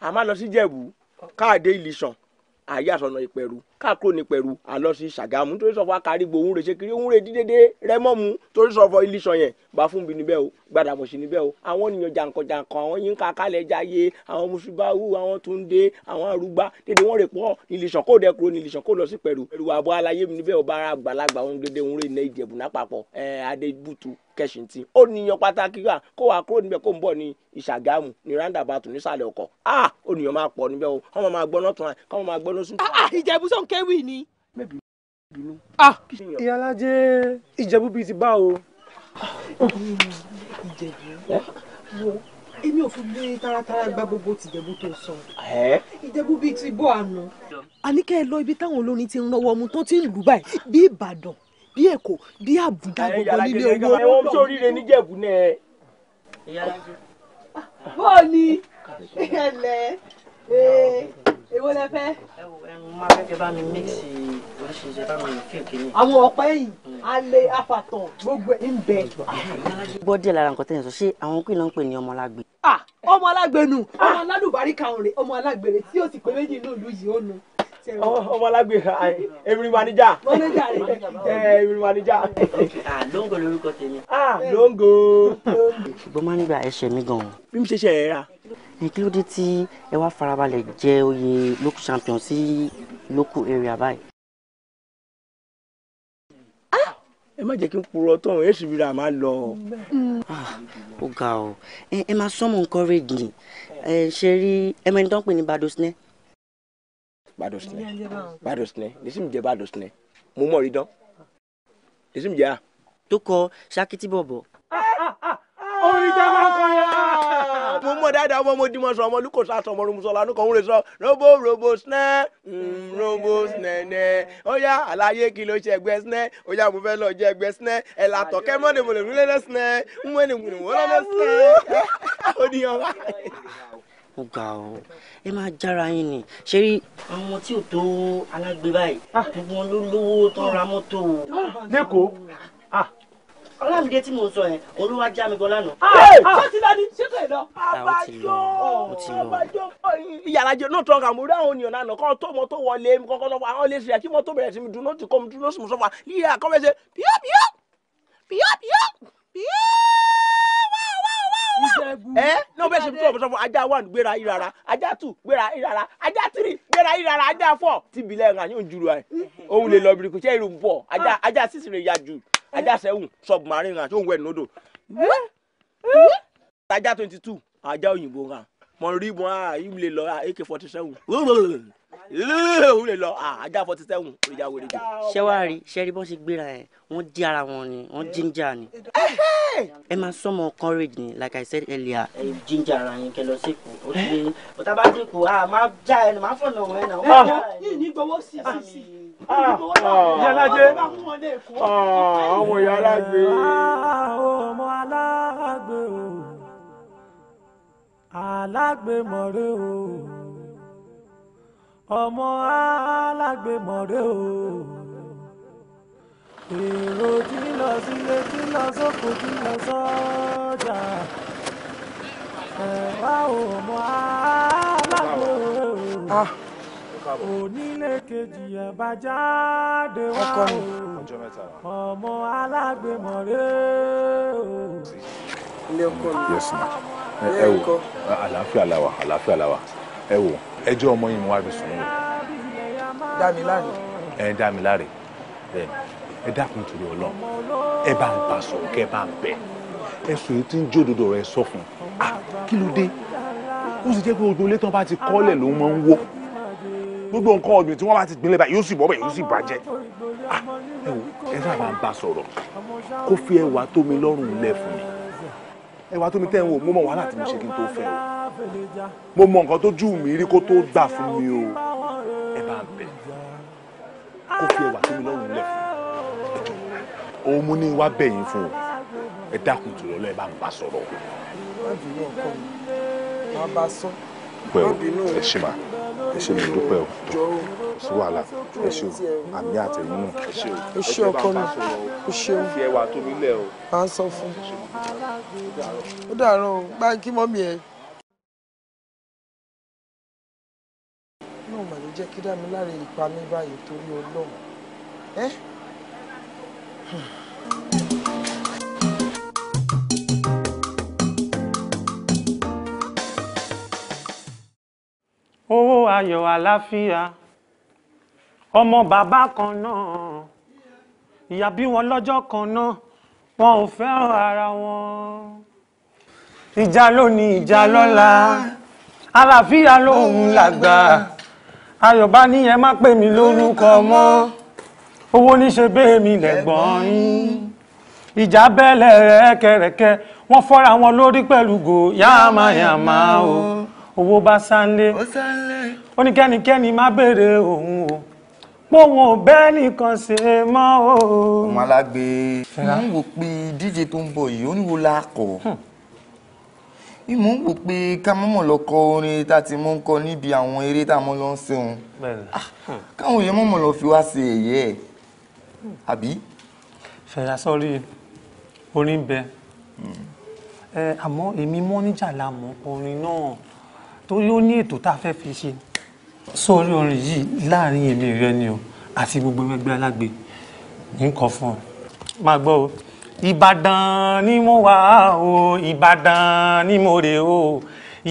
a máa lọ sí jẹ̀bú káàdé ìlísàn àyè àsọ̀nà ìpẹ̀rù káàkó ní pẹ̀rù àlọ́ sí ṣàgámù torí sọ̀fọ̀ akarigbò òun rè ṣe kiri òun rè dídédé rẹ́mọ́mu torí sọ̀fọ̀ ilíṣọ yẹn bá fún bi níbẹ̀ o gbàdàmọ̀ sí níbẹ̀ o àwọn ènìyàn jàǹkànjàǹkàn àwọn yín ká kálẹ̀ jáyé àwọn mùsùlùmáwù àwọn túndé àwọn arúgbá dédé wọn rè pọ̀ ilíṣọ kó dẹ kúrò ní ilíṣọ kó lọ sí pẹ̀rù pẹ̀rù àbọ̀ alayé mi níbẹ̀ o bá ara àgbàlagbà òun dédé òun rè ní ìjẹ̀bù lápapọ̀ ẹ̀ adébútu kẹsìn tí ó níyan pàtàkì wà kó wàá kúrò níbẹ̀ kó ń bọ̀ ní ìṣàgámù ní roundabout nísàlẹ̀ ọkọ̀ ah ó níyan máa pọ̀ níbẹ̀ o ọmọ kéwì ni. mẹ́bí bínú. Ah. ìyálàjẹ́ ìjẹ̀bú bíi ti bá o. ìjẹ̀bú èmi ò fi bí taratara gba gbogbo tìjẹ̀bú tó sọ. ìjẹ̀bú bíi ti bọ́ àná. àníkẹ́ ẹ lọ ibi táwọn olórin ti ń lọ́wọ́ mu tó ti ń lù báyìí bí ìbàdàn bí èkó bí àbújá gbogbo nílé owó. ẹ wọ́n tó ríre níjẹ̀bú náà. ìyálàjẹ́. Ah, bọ́ọ̀ ni ẹ̀lẹ́ èwo lẹ fẹ́. ẹ wo ẹ mo máa fẹ́ kẹ́ bá mi mix oríṣiríṣi bá mi kéèké ni. àwọn ọ̀pẹ yìí alẹ́ afatàn gbogbo ẹ̀ ń bẹ. bọ́dí ẹ̀ lára nǹkan tẹ̀yìn sọ ṣé àwọn kí ló ń pè ní ọmọlágbé. ọmọ alágbé nu ọmọ aládùbárí kan rè ọmọ alágbèrè tí yóò sì pé méjì ní ìlú yìí ó nu. ọmọ alágbé emirin manija. manija rẹ emirin eh, manija. lóńgò lórúkọ tèmi. lóńgò. Ah, ṣùgbọ́n máa ń gba ẹ̀ṣẹ̀ mi gan-an. bí mo ṣe ṣe ẹ̀ ra kí ló dé tí ẹ wá farabalẹ̀ jẹ oyè local champion sí local area báyìí. Ah! ẹ má jẹ́ kí n purọ́ tọ̀hún èsì bí ra máa lọ. Ah, ó ga ọ ẹ máa sọmọ encourage ni ẹ ṣe rí ẹ mẹni tó ń pè ní badosne. badosne badosne nísìmí jẹ badosne mo mọ̀ rí dán nísìmí jẹ́ a. tó kọ sakiti bọ̀bọ̀. Ah, orin jẹ́ máa ń kọ́ yẹn mo mọ̀ dáadáa ọmọ mo di mọ̀ sọ ọmọ olùkọ́ sàtọ̀ ọmọ rumuṣọ lánàá kan ń rè sọ robo robo snẹ́ mm, robo snẹ́nẹ́ ó yá àlàyé kí ló ṣe ẹgbẹ́ snẹ́ ó yá mo fẹ́ lọ jẹ ẹgbẹ́ snẹ́ ẹ̀ làtọ̀ kẹ́ mọ́ni mo lè rúlé lẹ́ snẹ́ ń wẹ́ni mo lè wọ́n lẹ́ snẹ́ ó ní ọba. ó ga ọ ẹ máa jára yín ni ṣé rí àwọn ọmọ tí ò tó alágbèbáyìí ah. gbogbo wọn ló lówó tó ra mọ́tò. Ah, lẹ́kọ̀ọ́ ah ọlámídé tí mo ń sọ yẹn olúwa já mi gan lánàá. Ah! ṣé ti lani ṣé kò lọ. àbájọ àbájọ yàrá jẹ náà tọrọ kà mo rí àwọn ènìyàn náà kọ́ tó mọ tó wọlé mi kọ́kọ́ lọ́wọ́ àwọn ilé ìṣẹ̀lẹ̀ kí mo tó bẹ̀rẹ̀ sí mi dúró ti kọ́ mi dúró sí mi sọ́fà lílẹ̀ àkọ́bẹ̀sẹ̀ bíọ́ bíọ́ bíọ́ bíọ́ bíọ́ ẹ náà bẹ́ẹ̀ ṣe fún ọ̀bọ̀sọ̀ fún ajá one gbéra ìrara ajá two gbéra ìrara ajá three gbéra ìrara ajá four tìbílẹ̀ ẹ̀ka yóò jùlọ ẹ̀ òun lè lọ bìrìkù ṣẹ́ irun bọ̀ ajá six rẹ̀ yá jù ajá sẹ́wùn oh, submarine ràn tó oh, ń wẹ̀ nódò ajá twenty two ajá òyìnbó ràn mọ̀ rí wọn àyùm ah, lè lọ ak ah, forty seven òun lè lọ ah, ajá forty seven ìjà wèrè jù. ṣé wàá rí ṣé rí bó ṣe gbéra ẹ wọ́n dí ara wọn ni wọ́n jíńjà ni. ẹ máa sọmọ courage ni like i said earlier. ẹ jíńjà ara yín kẹ lọ sẹkọọ ó ti ọtá bá dẹkọọ a máa já ẹnu máa fọnà òun ẹ náà. ẹ ní gbọwọ sí sí sí. Ah, Ah, ah, ah ọmọ yàlájẹ. ọmọ alágbè o alágbè mọ̀rẹ́ o ọmọ alágbè mọ̀rẹ́ o èrò tí lọ sílé tí lọ sóko tí lọ sọ́jà ẹ̀wá ọmọ alágbè o. Ah onílé kejì àbájáde wá o ọmọ alágbèmọ̀rẹ́ o. yes ma ẹ wò àlàáfíà la wà àlàáfíà la wà ẹ wò ẹjọ́ ọmọ yìí mo wá fi sùn Dámiláre. ẹ Dámiláre bẹ́ẹ̀ni ẹ dákun torí Ọlọ́run ẹ bá ń bá sọ̀rọ̀ kẹ bá ń bẹ ẹ sọ èyí tí ń jódodo rẹ sọ fún un ah, kí ló dé ó sì jẹ́ pé ojú tán bá ti kọ́lẹ̀ ló máa ń wó gbogbo nǹkan ọ̀gbìn tí wọ́n bá ti gbin lẹ́bàá yóò sì bọ́ yóò sì bàjẹ́ ah, ẹ sábà ń bá sọ̀rọ̀ kó fi ẹwà tó lọ́rùn lẹ̀ fún mi ẹwà tó tẹ́ ń wò mo mọ wàhálà tí mo ṣe kí n tó fẹ́ o mo mọ nǹkan tó jù mí rí kó tó gbà fún mi o ẹ bá bẹ̀ kó fi ẹwà tó lọ́rùn lẹ̀ fún mi òun mú ní wá bẹ̀yìn fún o ẹ dákun jùlọ lọ́ọ́ ẹ bá ń bá sọ̀rọ̀. má bá sọ dúpẹ́ o ẹ ṣé ma ẹ ṣé mi dúpẹ́ o tó sí wàhálà ẹ ṣé o àmì àtẹ̀yìn ẹ ṣé o ẹ ṣé ọkọ mi ẹ ṣé o fi ẹwà tó mi lẹ o. à ń sọ fún ó dàárọ̀ o gbá kí mọ́mí ẹ. náà mà jẹ́ kí dá mi láre ìpa mi báyìí torí ọlọ́run owó ayọ̀ àlàáfíà ọmọ bàbá kan náà ìyá bí wọn lọ́jọ́ kan náà wọn ò fẹ́ràn ara wọn ìjà lónìí ìjà lọ́la àlàáfíà lòun làgbà ayọ̀ bá ní ẹ má pè mí lórúkọ mọ́ owó níṣe bẹ́ẹ̀ mi lẹ́gbọ̀n yín ìjà bẹ́ẹ̀lẹ̀ rẹ̀ kẹ̀rẹ̀kẹ́ wọ́n fọ́ra wọn lórí pẹ̀lú gò yáàmáyàmá o owó bá sáńlé ó ní kẹ́nikẹ́ni má béèrè òun o póun ò bẹ́ẹ̀ nìkan ṣe mọ́ o. ọmọ alágbe mò ń wò pé díje tó ń bọ̀ yìí ó ní wo la kọ̀ hmm. mò ń wò pé ká mọ́mọ́ lọ kọ orin tá a ti mọ́ ń kọ níbi àwọn eré tá a mọ́ lọ ń ṣeun ah, káwọn èèyàn mọ́mọ́ lọ fi wá ṣe ẹ̀yẹ ẹ̀ àbí. fẹ̀yà sọ́rí orin bẹ hmm. àmọ́ èmi mọ́ níjà la mọ̀ orin náà torí ó ní ètò tá a fẹ́ fi ṣe sórí orin yìí láàrin èmi rẹ ni o àti gbogbo ẹgbẹ́ alágbe nǹkan fún ọ máa gbọ́ o. Ìbàdàn ni mo wà o Ìbàdàn ni mo rè o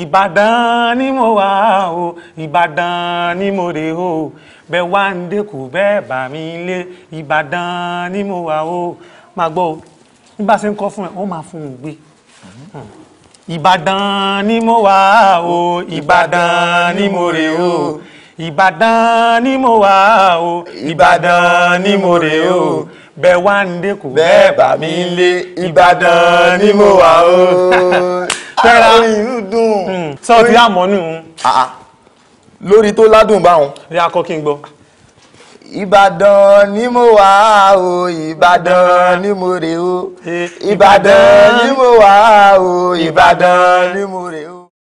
Ìbàdàn ni mo wà o Ìbàdàn ni mo rè o bẹ́ẹ̀ wá ń dẹ́kù bẹ́ẹ̀ bà mí lé Ìbàdàn ni mo wà o máa gbọ́ o bí bá ń kọ́ fún ẹ ó máa fún un gbé. Mhm. Hmm ìbàdàn ni mo wà o ìbàdàn ni mo rè o ìbàdàn ni mo wà o ìbàdàn ni mo rè o bẹ́ẹ̀ wá ń dé kò. bẹ́ẹ̀ bá mi ń lé ìbàdàn ni mo wà o. tẹ́ra sọ́ọ́ hmm. ti àmọ́ ah, ah. lórí tó ládùn báwọn. rí akọ kí gbọ́ ìbàdàn ni mo wà o ìbàdàn ni mo rè o ìbàdàn ni mo wà o ìbàdàn ni mo rè o.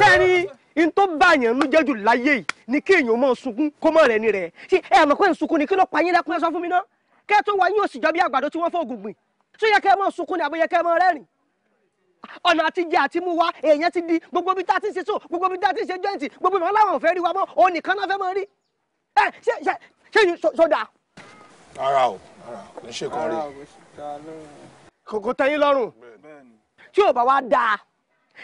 tẹ́ni n tó báyàn ló jẹ́ jù láyé yìí ni kéèyàn máa sunkún kó mọ̀ rẹ̀ ni rẹ̀ ṣé ẹ mọ̀ pé ń sunkún ni kí ló pa yín lẹ́kún ẹ sọ fún mi ná kẹ́ ẹ tó wá jọ bí àgbàdo tí wọ́n fọ́ ògùn gbìn yẹ kẹ́ ẹ máa sunkún ni àbí kẹ́ ẹ máa rẹ́rìn-ín ọ̀nà àtijẹ àti mú wa èèyàn ti di gbogbo bí tá a ti ṣe so gbogbo bí tá a ti ṣe joint gbogbo ìmọ̀ láwọn ò fẹ́ rí wa mọ́ òun nìkan náà fẹ́ mọ́ rí ẹ ṣe ṣe ṣe yín sọdà. ara o ara kò ń ṣèkan rí. kòkò tẹ́yìn lọ́rùn tí ò bá wa dáa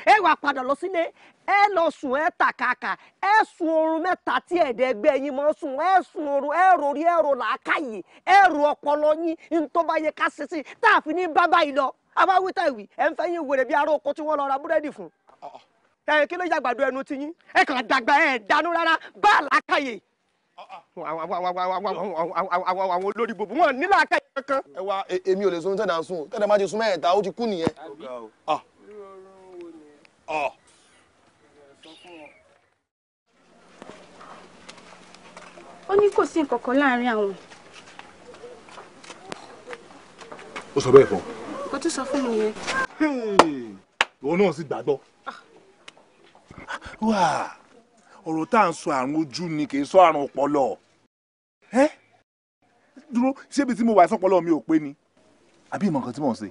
ẹ padà lọ sílé ẹ lọ sùn ẹ tàkàkà ẹ sùn oorun mẹ́ta tí ẹdẹ yín mọ sùn ẹ sùn oorun ẹ rò ẹ rò làákàyè ẹ rò ọpọlọ yín ní tó bá yẹ ká ṣe sí tá a fi ní bábá lọ àwa wí táwì ẹ̀ ń fẹ́ yín wèrè bí ará oko tí wọ́n lọ ra búrẹ́dì fún. ẹ kí ló yàgbàdo ẹnu ti yín ẹ kàn dàgbà ẹ dànù rárá bá a làákàyè. àwọn olórí gbogbo wọn ní làákàyè kankan. ẹ wá e, èmi ò lè sun tẹ̀dá sun tẹ̀dá má ti sun mẹ́ẹ̀ta ó ti kú nìyẹn. Ah. ó ní kò sí nǹkan kan láàárín àwọn. ó sọ bẹ́ẹ̀ fún un nǹkan tó sọ fún mi yẹn. òun hmm. náà sì gbàgbọ́. wà á ọ̀rọ̀ tá à ń sọ àrùn ojú ni kì í sọ àrùn ọpọlọ. ẹ dúró ṣébi tí mo wà sọpọlọ mi ò pé ni àbí ìmọ̀ nǹkan tí mò ń ṣe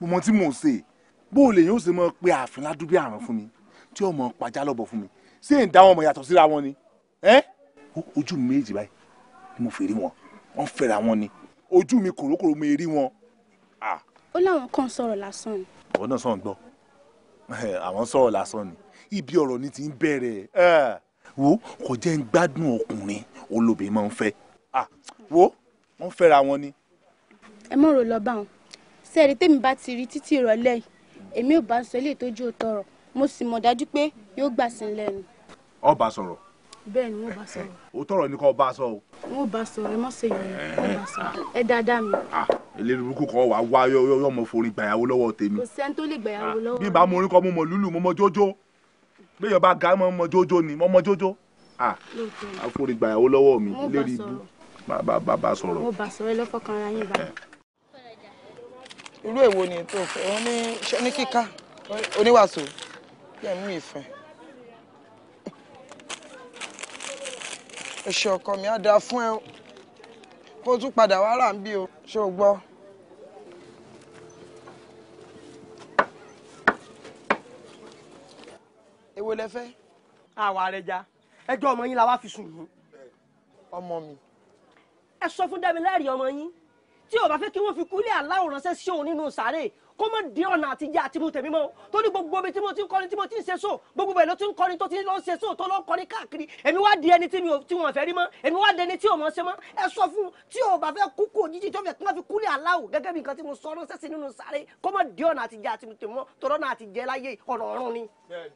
mo mọ tí mò ń ṣe bó o lè yóò ṣe mọ pé ààfin ládùúgbò àrùn fún mi tí ọmọ pàjá lọ́bọ̀ fún mi ṣé ń dá wọn mọ̀ yàtọ̀ síra wọn ni. ojú mi méjì báyìí mo fèrè wọn wọn fẹ́ra wọn ni ojú mi kòrókòrò mi rí wọn ó láwọn kan sọ̀rọ̀ lásán ni. àwọn náà sàn gbọ́ àwọn sọ̀rọ̀ lásán ni ibi ọ̀rọ̀ ni ti ń bẹ̀rẹ̀ wo kò jẹ́ ń gbádùn ọkùnrin olóbìnrin máa ń fẹ́ wo wọ́n fẹ́ra wọn ni. ẹ mọ̀ rò lọ bá wọn sẹ́ẹ̀rì tèmi bá ti rí títí ìrọ̀lẹ́ yìí èmi ò bá sọ eléyìí tó jù tọrọ mo sì mọ̀ dájú pé yóò gbà sí lẹ́nu. ọba sọ̀rọ̀ bẹ́ẹ̀ ni wọ́n bá sọ̀rọ̀. o tọrọ ní kò bá sọ o. wọ́n bá sọ̀rọ̀ ẹ má ṣe yẹn wọ́n bá sọ̀rọ̀ ẹ dáadáa mi. Ah, elérúkú kan wà wá yọ ọmọ forin gbàyàwó lọ́wọ́ tèmi. kò sẹ́ni tó lè gbàyàwó ah, lọ́wọ́. bí bá mo rí kọ́ mo mọ lúlù mo mọ jójó bí yọba ga mo mọ jójó ni mo mọ jójó. àforin ah, gbàyàwó lọ́wọ́ mi lérí ibú bàbá sọ̀rọ̀. mo bá sọ̀rọ̀ ẹ lọ́fọ̀ kan ara yín bá. irú èwo ni tó fẹ́ oní ẹ̀ṣẹ̀ ọkọ mi á dáa fún ẹ o kó o tún padà wá rà ń bí o ṣé o gbọ́. èwo lẹ fẹ́. àwa rẹ ja ẹjọ́ ọmọ yín la wá fi sùn yìí. ọmọ mi. ẹ sọ fún Dámiláre ọmọ yín tí o bá fẹ́ kí wọ́n fi kúlẹ̀ aláwòránṣẹ́ sí òun nínú sàárè kó má dé ọ̀nà àtijọ́ àti mu tèmi mọ́ tó ní gbogbo omi tí mo ti ń kọrin tí mo ti ń ṣe sóò gbogbo ẹ̀ ló ti ń kọrin tó ti lọ́ ṣe sóò tó lọ́ kọrin káàkiri èmi wá di ẹni tí wọn fẹ́ rí mọ́ èmi wá dẹni tí òmò ṣe mọ́ ẹ sọ fún un tí o bá fẹ́ kú kú òjijì tó fẹ́ kí wọ́n fi kúlẹ̀ aláwò gẹ́gẹ́ bí nǹkan tí mo sọ ọ́rọ́ sẹ́sìn nínú sáré kó má dé ọ̀nà àtijọ́ àti mu tèmi mọ́ tọ̀rọ̀ náà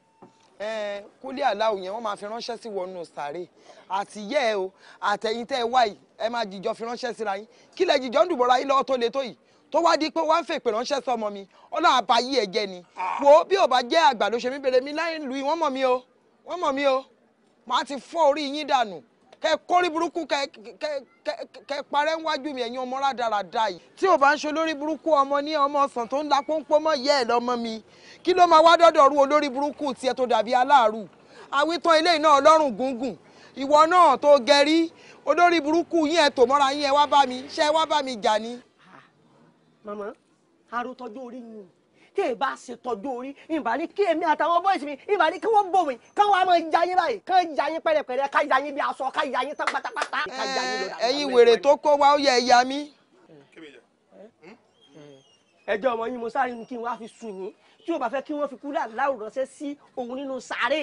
Eh, kúlẹ̀ aláwọ̀ yẹn wọ́n máa fi ránṣẹ́ sí wọnú sàárè àti yẹ́ ẹ o àtẹ̀yìntẹ́ ẹ wáyìí ẹ máa jìjọ fi ránṣẹ́ síra yín kílẹ̀ jìjọ ń dùbọ̀ra yín lọ́wọ́ tó le tó yìí tó wá di pé wá ń fèpè ránṣẹ́ sọmọ mi ọlọ́run àbáyé ẹ̀ jẹ́ ni ah. wo bí ò bá jẹ́ àgbà ṣe mí bèrè mi láì lu wọ́n mọ̀ mí o wọ́n mọ̀ mí o màá ti fọ́ orí yín dànù kẹ kórí burúkú kẹ kẹ kẹ parẹ́ níwájú mi ẹ̀yin ọmọ rádaràda yìí tí ò bá ń ṣe olórí burúkú ọmọ ní ọmọ ọ̀sán tó ń la pọ́npọ́n mọ́ yẹ́ ẹ̀ lọ́mọ mi kí ló máa wá dọ́dọ̀ ru olórí burúkú tiẹ̀ tó dàbí aláàrù àwítán ilé náà ọlọ́run gúngùn ìwọ náà tó gẹrí olórí burúkú yín ẹ tò mọ́ra yín ẹ wá bá mi ṣe ẹ wá bá mi jà ni Mama, aró tọjú orí yìí tí ì bá ṣe tọjú orí ìbá ní kí èmi àtàwọn bọ́ìsì mi ìbá ní kí wọ́n bò mí kán wàá máa ja yín báyìí kán ja yín pẹ̀rẹ̀pẹ̀rẹ̀ ká ja yín bí aṣọ ká ja yín tán pátápátá. ẹ̀yin wèrè tó kó wa ó yẹ ẹ̀yà mi. ẹjọ́ ọmọ yín mo sáré ní kí n wá fi sùn yín tí o bá fẹ́ kí wọ́n fi kúrò láwùrọ̀ sí òun nínú sàárè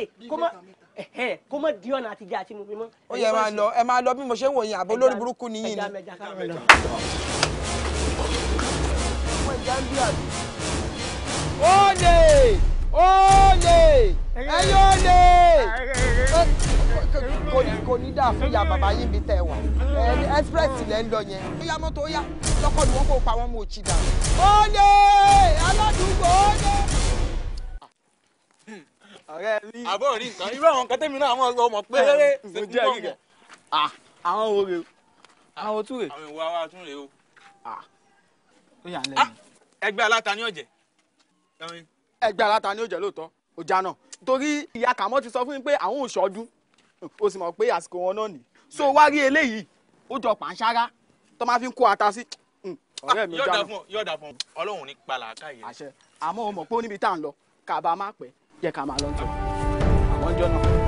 kó mọ̀ di ọ̀nà àtijọ́ àti mọ̀ mímọ́. ẹ máa lọ bí mo ṣe ń wòye àbó lórí burúkú nìyí ni. Gambia bi. olè olè ẹyọ olè kò ní kò dà fún ìyá bàbá yín bí tẹ wà express ilẹ̀ ń lọ yẹn ó yá mọ́tò ó yá lọ́kọ̀ ni wọ́n kó pa wọ́n mú òtí dà. olè aládùúgbò olè. ọ̀rẹ́ mi àbọ̀ rí nǹkan irú àwọn kan tẹ́mi náà àwọn ọmọ pé mo jẹ́ àgìgẹ̀. Ah. àwọn wo rèé o àwọn otúre. àwọn ìwà wa tún rèé o. Ah. ó yà lẹ́yìn. Ah ẹgbẹ́ aláta ni ọ̀jẹ̀. ẹgbẹ́ aláta ni ọ̀jẹ̀ lóòótọ́ ọjà náà torí ìyá kàmọ́ ti sọ fún mi pé àwọn ò ṣọdún o sì mọ̀ pé àsìkò wọn náà nì so wá rí eléyìí ó jọ pàǹsára tó máa fi ń kó ata sí hmm, ọ̀rẹ́ mi ọjà ah, náà. yọ̀ọ̀dà fún ọlọ́run ní palàkà yìí. àṣẹ àmọ́ o mọ̀ pé ó níbi tá à ń lọ kà bá a má pẹ́ yẹ ká máa lọ́jọ́ àmọ́ ń jọ náà.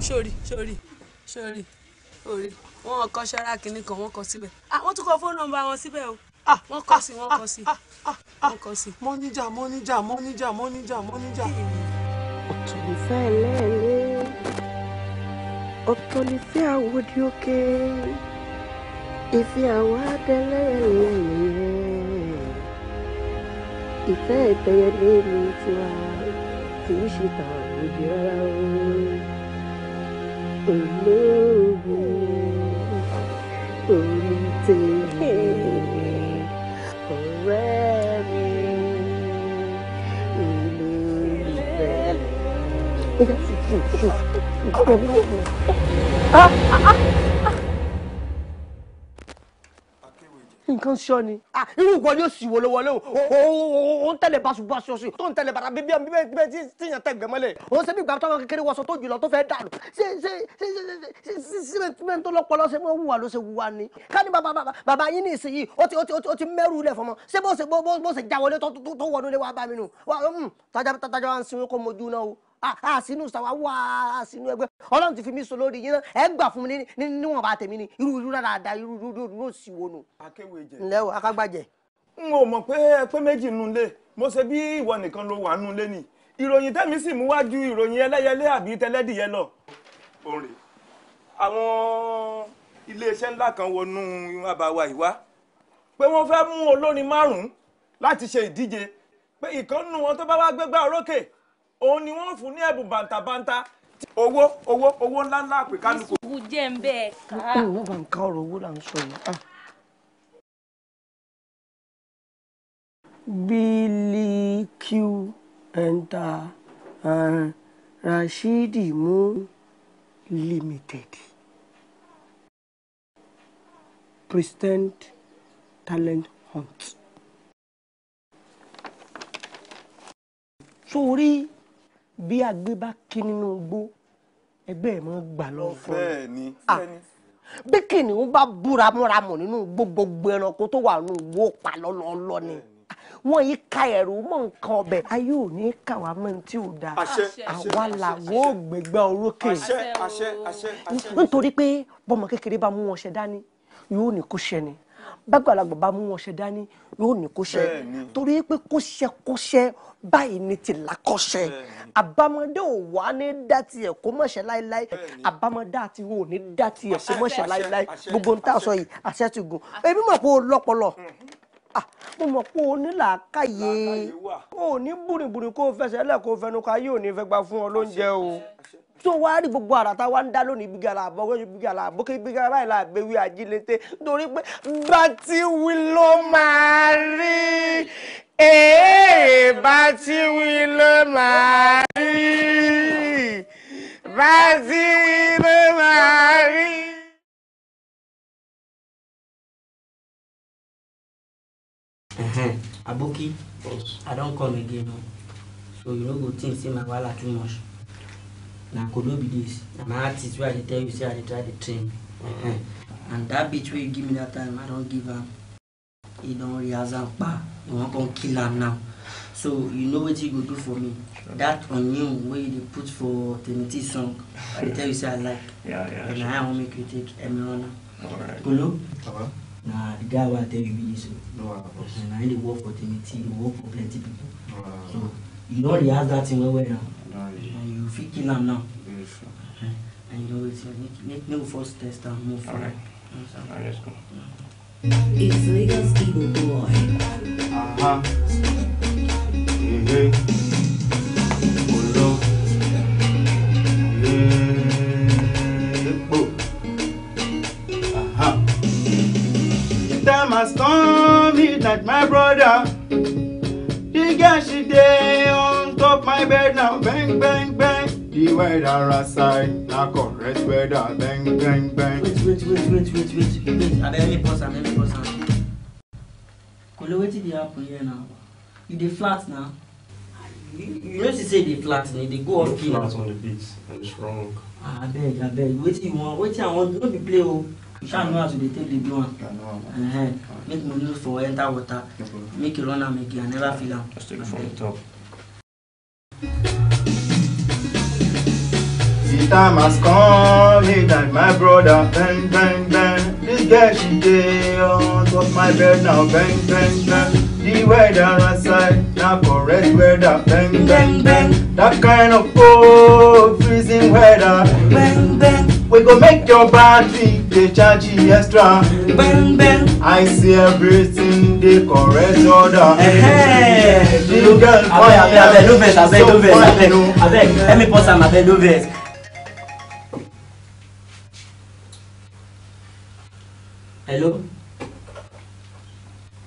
Sorry. Ah. sórí sórí orí wọn kọ ṣọ́ra kínní kan wọn kọ síbẹ̀ àwọn ah, tún kọ fóònù nọ́mbà wọn síbẹ̀ o ah, wọn kọ sí wọn kọ sí ah, wọn kọ sí. mo níjà mo níjà mo níjà mo níjà mo níjà. ọ̀tún nífẹ̀ lẹ́ẹ̀lẹ́ ọ̀tún nífẹ̀ àwòdì òkè ìfẹ́ àwọn adẹ́lẹ́lẹ́lẹ́ ìfẹ́ ìtẹ̀yẹ lé mi tiwa kì í ṣe tàwọn òbí rárá o olówó orí tèmi ọ̀rẹ́ mi nǹkan sọ ni irú ìwọ ni ó sì wò lówó lóhùn ó ń tẹ̀lé báṣubáṣu sí tó ń tẹ̀lé bàtà bíbí ọ̀n bíbẹ́ tí yàn tẹ̀ gbẹ́mọ́lẹ̀ òun ṣe bí ìgbà tọ́kọ kékeré wọṣọ tó jùlọ tó fẹ́ dànù ṣé ṣé ṣé ṣé ṣé ṣé tó lọ́pọlọ ṣe mọ́ wùwà ló ṣe wùwà ni ká ní bàbá yín ní ìsìn yìí ó ti ó ti ó ti mẹ́rù ilẹ̀ fọmọ ṣé bó ṣe bó ṣe jáwọlé tó wọnú lé wàá bá mi nù tájà tájà wá ń sinmi kó mojú náà àsínú sàwáwá àsínú ẹgbẹ́ ọlọ́run ti fi mí so lórí yín náà ẹ gbà fún mi ní níwọ̀n bá tèmi ni irú irú rárá da irú irú irú irú òsì wo nù. akéwèé jẹ ǹlẹ́ o akágbàjẹ. n ò mọ̀ pé pé méjì nu lé mo ṣe bí ìwọ nìkan ló wà nu lé ni ìròyìn tẹ́mi sì mú wájú ìròyìn ẹlẹ́yẹlé àbí tẹlẹ́dìyẹ lọ. orin àwọn iléeṣẹ́ ńlá kan wọnú àbáwá ìwá pé wọ́n fẹ́ mú olórin márùn-ún láti ṣe ìdíje pé ìkànnù wọn tó bá wá gbégbá orókè òun ni wọ́n fún ní ẹ̀bùn bàǹtàbàǹtà owó owó owó ńláńlá àpè kálukú. ìṣubú jẹ́ ń bẹ́ẹ̀ ká. wọ́n bá ń ká ọ̀rọ̀ owó là ń sọ yìí. Ah. bílíkù ẹ̀ńtà eh, Rashidi mú limited President talent hunt. sórí bí agbé bá kí nínú igbó ẹgbẹ́ ẹ̀ mọ́ gbà lọ fún mi ah, bí kìnìún bá búra múra mọ̀ nínú gbogbo ẹranko tó wà nínú igbó pa lọ́nà ọlọ́ni wọ́n yìí ka ẹ̀rù mọ́ nǹkan ọbẹ̀ ayé ò ní kà wá mọ́ tí ò dáa àwa làwọ̀ ògbégbá orókè nítorí pé bọ́mọ kékeré bá mú wọn ṣe dání yóò ní kó ṣe ni bágbàlagbà bá mú ọṣẹ dání yóò ní kó ṣe torí pé kó ṣe kó ṣe báyìí ni ti làkọṣẹ àbámọ̀dé ò wá ní dá tiẹ̀ kó mọ̀ṣẹ́ láéláé àbámọ̀dé àti wò ní dá tiẹ̀ kó mọ̀ṣẹ́ láéláé gbogbo ní sọ yìí àṣẹ ti gùn ebi mọ̀ pé o mhm. ah, mo mọ̀ pé o ní làákàyè o ní búrìbùrì kó o fẹsẹ̀ lẹ̀ kó o fẹnu ká yóò ní fẹ́ gba fún ọ lóúnjẹ o tó wá rí gbogbo àrà tá a wá ń dá lónìí bíga là àbọ̀ wẹ́yìn bíga là àbọ̀ kí bíga láì là àgbẹ̀wé àjílété torí pé bá ti wí ló máa rí ee bá ti wí ló máa rí bá ti wí ló máa rí. Aboki, I don come again o, so you no go think say my wahala too much na kodo be this my artist wey i dey tell you say i dey try dey train uh-huh. and that bitch wey you give me that time i don give am He don rehearse am kpa He wan come kill am now so you know wetin you go do for me that onion wey you dey put for temiti song i dey tell you say i like yeah, yeah, and sure. i wan make you take emirona kolo na the guy wey i tell you be this o na him dey work for temiti he work for plenty people so. You don't rehearse that thing well well now. And you fit kill am now. Yes, eh? and you always say, make, make no first test and move forward. Right. Mm. It's Lagos Eagle Boy. Uh-huh. Mm-hmm. storm midnight, my brother. The girl she did up my bed now, bang, bang, bang. The weather outside, now correct weather, bang, bang, bang. Wait, wait, wait, wait, wait, wait, wait. And then you pause, and then you pause. Kolo, what did happen here now? You dey flat now. You know she say e dey flat, e dey go up here. flat on the beat, and it's wrong. Ah abeg abeg wetin you wait wetin i wan no be play Oh, you sha know how to dey take dey do am make money for enter water make e run am again i never feel am. just take it from the top. The time has come, midnight, my brother, bang, bang, bang. This girl, she day on top my bed now, bang, bang, bang. The weather outside, now for red weather, bang, bang, bang. That kind of cold, freezing weather, bang, bang. We go make your body, they charge you extra, bang, bang. I see everything the correct order. you get my oya abeg abeg no vex abeg no vex abeg abeg let me pause am abeg no vex. hello.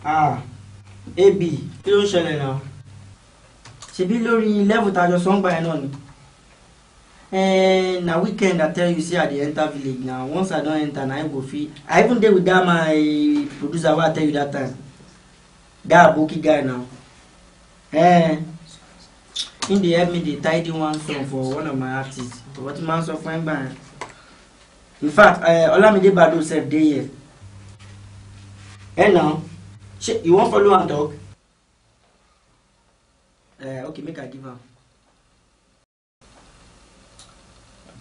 ah ab kí ló ń ṣẹlẹ̀ náà ṣebí lórí level tajọ sọ́ngbà ẹ̀ náà ni. ehh na weekend i tell you say i dey enter village na once i don enter na i go fit i even dey with dat my producer wey i tell you dat time That bookie guy now. Eh. In the help me the tidy one song for one of my artists. What man so fine by In fact, uh, Olamide Badu said they here. Eh now. you won't follow and talk? Uh, okay, make I give up.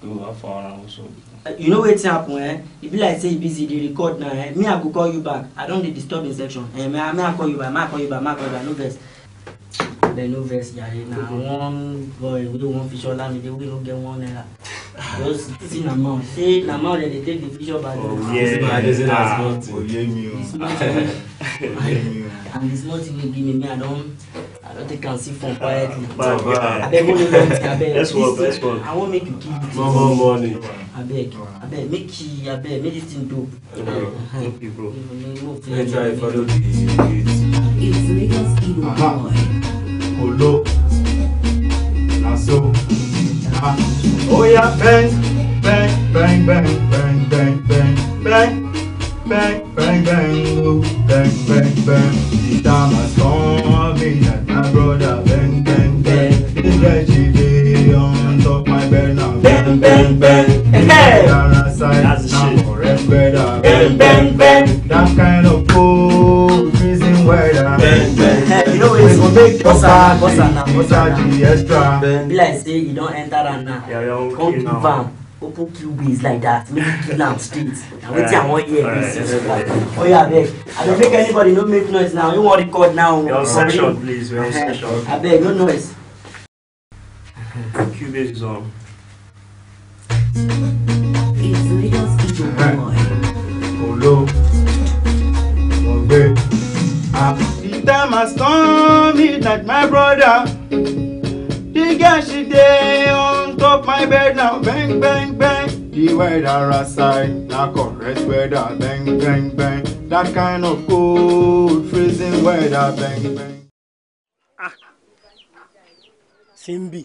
you know wetin happen eh e be like say you busy dey record now eh me i go call you back i don dey disturb in section eh may i call you back may i call you back may i call you back no vex dem no vex jare na one boy wey wan feature olamide wey no get one naira just see na mouth say na mouth dem dey take the picture back oh, ah, there. Ah, oye mi o and the small thing give me me i don i don take am see phone quietly abeg no let me abeg this thing i wan make you keep it more more money abeg abeg make you abeg make this thing dope. thank you bro. let's try follow the. it's lagos igbo boy kolo na so ah oya bang bang bang bang bang bang bang bang bang bang bang oh bang bang bang the time has come me and my brother bang bang bang the veggie dey on top my bed now bang bang bang. bossa bossa na bossa like enter now come give am open cubes like that make you kill am straight na wetin i wan hear be six o'clock oya abeg i dey make anybody no make noise now you wan record now your section please your uh-huh. section abeg no noise. cubes is on. it's lagos ijo boy. olo mo gbe same time as sun midnight my brother the girl she dey on top my bed now bang bang bang the weather outside na correct weather bang bang bang that kind of cold freezing weather bang bang. Ah. Simbi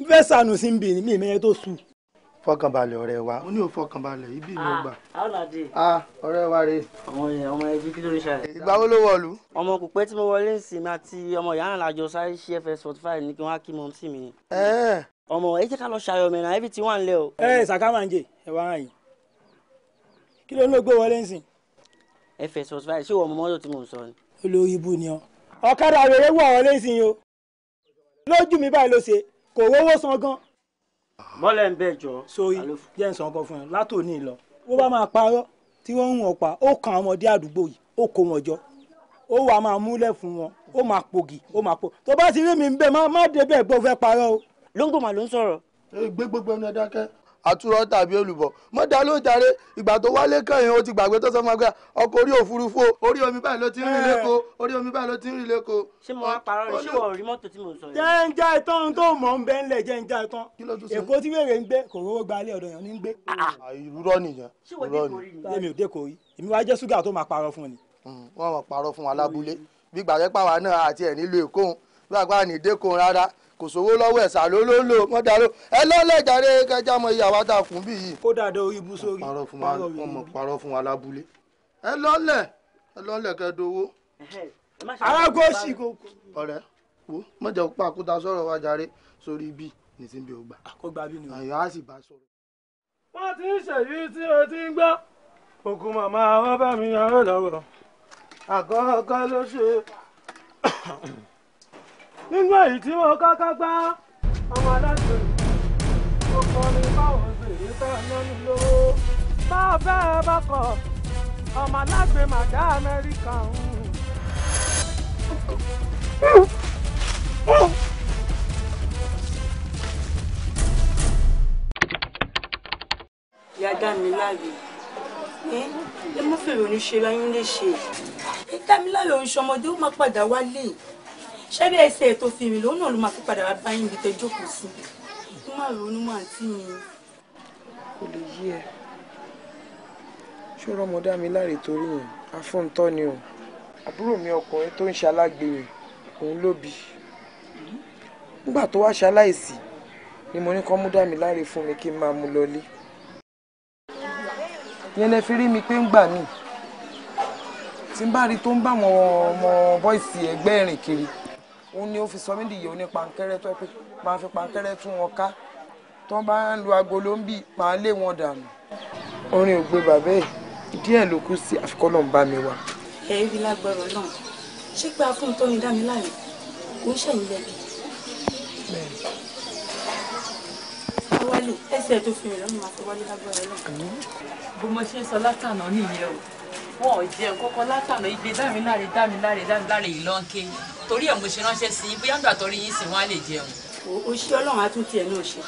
n fẹ́ sànù Simbi ni mi ìmẹ́yẹ tó sùn fọkànbalẹ̀ ọ̀rẹ́ wa ó ní òfọkànbalẹ̀ ibi ìlú ọgbà. àwòlàdé. a ọ̀rẹ́ wa re. ọmọ yẹn ọmọ ẹbí kí ló ń ṣàlẹ̀. ìgbà wo ló wọlú. ọmọ kò pẹ́ tí mo wọlé ìsinmi àti ọmọ ìyá náà lájọ sáré sí fs forty five ní kí wọ́n á kí mọ́tì mi. Eh. ọmọ ẹ jẹ́ ká lọ ṣàyọ̀ mẹ́rin ẹbí tí wà ń lẹ̀ o. ẹ sàkámàǹjẹ ẹ wá ràn yín kí ló ń lọ gbé wọlé ń sìn. fs forty five ṣé ìwọ ọmọ mọ́tò tí mi báyìí ló ṣe kò bọ́lẹ̀ ń bẹ̀ jọ. sori jẹ́ nsọ̀n kan fún ẹ látòní lọ wọ́n bá máa parọ́ tí wọ́n ń wọ̀n pa ó kan àwọn ọmọdé àdúgbò yìí ó kó wọn jọ ó wà máa múlẹ̀ fún wọn ó máa pògì ó máa pò tó bá ti rí mi ń bẹ̀ má débẹ̀ gbọ́ fẹ́ parọ́ o. lóńgbò mà ló ń sọ̀rọ̀. gbé gbogbo ẹnu ẹ dákẹ́ àtúrọ̀ tàbí olùbọ̀ mọ́ dá ló jàre ìgbà tó wálé kẹ́yìn o ti gbàgbé tó sọ ma gbé ọkọ̀ orí òfurufú orí omi báyìí ló ti ń rìn lẹ́kọ̀ọ́ orí omi báyìí ló ti ń rìn lẹ́kọ̀ọ́. ṣé mo wá parọ́ rẹ̀ ṣé wọ́n rí mọ́tò tí mo sọ yìí. jẹ́ ń já ìtàn tó mọ̀ ń bẹ́ ń lẹ̀ jẹ́ ń já ìtàn. èkó tí wèrè ń gbé kò rówó gba alẹ́ ọ̀dọ̀ yẹn ní ń gbé. Ah, ah, ah, irọ́ nìyẹn irọ́ nìyẹn. èmi ò dé kò rí èmi wá jẹ́ ṣúgà tó máa parọ́ fún kò sówó lọ́wọ́ ẹ̀sà ló ló ń lò wọ́n darọ́ ẹ lọ́lẹ́jàre kẹjá mọ iye àwa tá a kùn bí yìí. kó dàdé orí ibú sórí. wọ́n mọ̀ parọ́ fún wa lábúlé. ẹ lọ́lẹ̀ ẹ lọ́lẹ̀ kẹ dowó. arágó sì kò. ọ̀rẹ́ wo mọ̀jẹ̀ pa àkúta sọ̀rọ̀ wa jàre sórí ibi nìsínbi ò gbà. àkọ́gbà bí ni àyọ̀ á sì bá sọ̀rọ̀. wọ́n ti ń ṣèyí tí o ti ń gbọ́ ògùn màmá wọn bá mi yàn nínú èyí tí mo kọ́kọ́ gbá ọmọ aláṣẹ mo kọ́ ni báwọn obìnrin fẹ́ lọ́nu lówó bá a fẹ́ bá kọ̀ ọmọ aláṣẹ màdá amẹ́ríkà ń. Oh! ìyá dá mi láre ẹ má fèrè oníṣe láyé léṣe ẹ dá mi láre oníṣọmọdé ó má padà wálé ṣé bí ẹsẹ̀ ètò fìrì lòun náà ló máa fi padà wá báyìí níbi tó jókòó sí kó má ronú mọ́ àǹtí mi. kò lè yí ẹ ṣó rọmọ dá mi láre torí yẹn afúntọ́ ni o àbúrò mi ọkùnrin tó ń ṣe alágbèrè òun ló bí nígbà tó wá ṣaláìsí ni mo ní kó mú dá láre fún mi kí n máa mú lọlé yẹn lẹ fi rí mi pé ń gbà mí tí n bá rí tó ń bá àwọn ọmọ bọ́ìsì ẹgbẹ́ rìn kiri òun ni ó fi sọ mí dìyẹ òní pankẹ́rẹ́ tó pé máa fi pankẹ́rẹ́ tún wọn ká tó bá ń lu aago ló ń bì máa lé wọn dànù. orin ò gbé bàbá ẹ díẹ̀ ló kù sí àfikọ́ náà ń bá mi wá. ẹ ẹ fi lágbára náà ṣé pé afún tó ń dá mi láàyè kò ń ṣẹ̀yìn lẹ́bi. wálé ẹsẹ̀ tó fi rìn lọ́nà máa fi wálé lágbára náà. bó mo ṣe ń sọ látànà nìyẹn o wọn ò jẹun kọ́kọ́ látànà igbe dámiláre dámiláre dámiláre ìlọ́ńkẹ́ torí ẹ̀ mo ṣe ránṣẹ́ sí yín bóyá nígbà torí yín sì wọ́n á lè jẹun. o ọlọ́run àtúntì ẹ̀ náà ṣe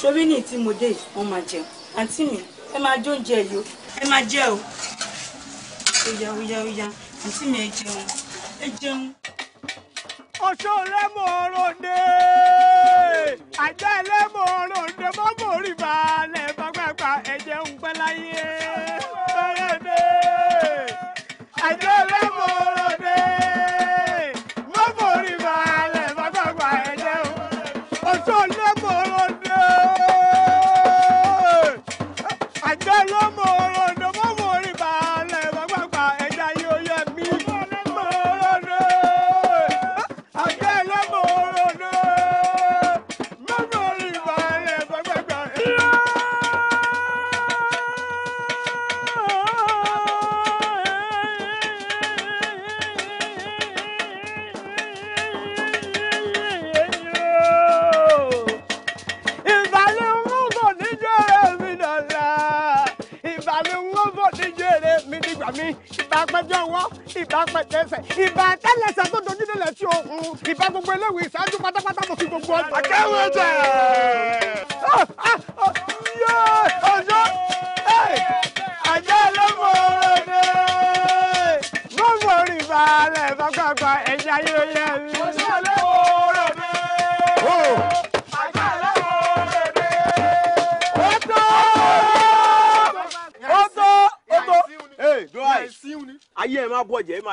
ṣorí ní tí mo dé wọ́n máa jẹun àǹtí mi ẹ máa jó oúnjẹ yìí o ẹ máa jẹ o oya oya oya àǹtí mi ẹ jẹun ẹ jẹun. ọ̀ṣọ́ rẹ̀ mọ̀ ọ̀rọ̀ dé àjẹ́ ẹlẹ́mọ̀ ọ̀rọ̀ dé mọ́mọ́ rí balẹ̀ bá gbàgbà ẹ̀jẹ̀ ń pẹ́ láyé.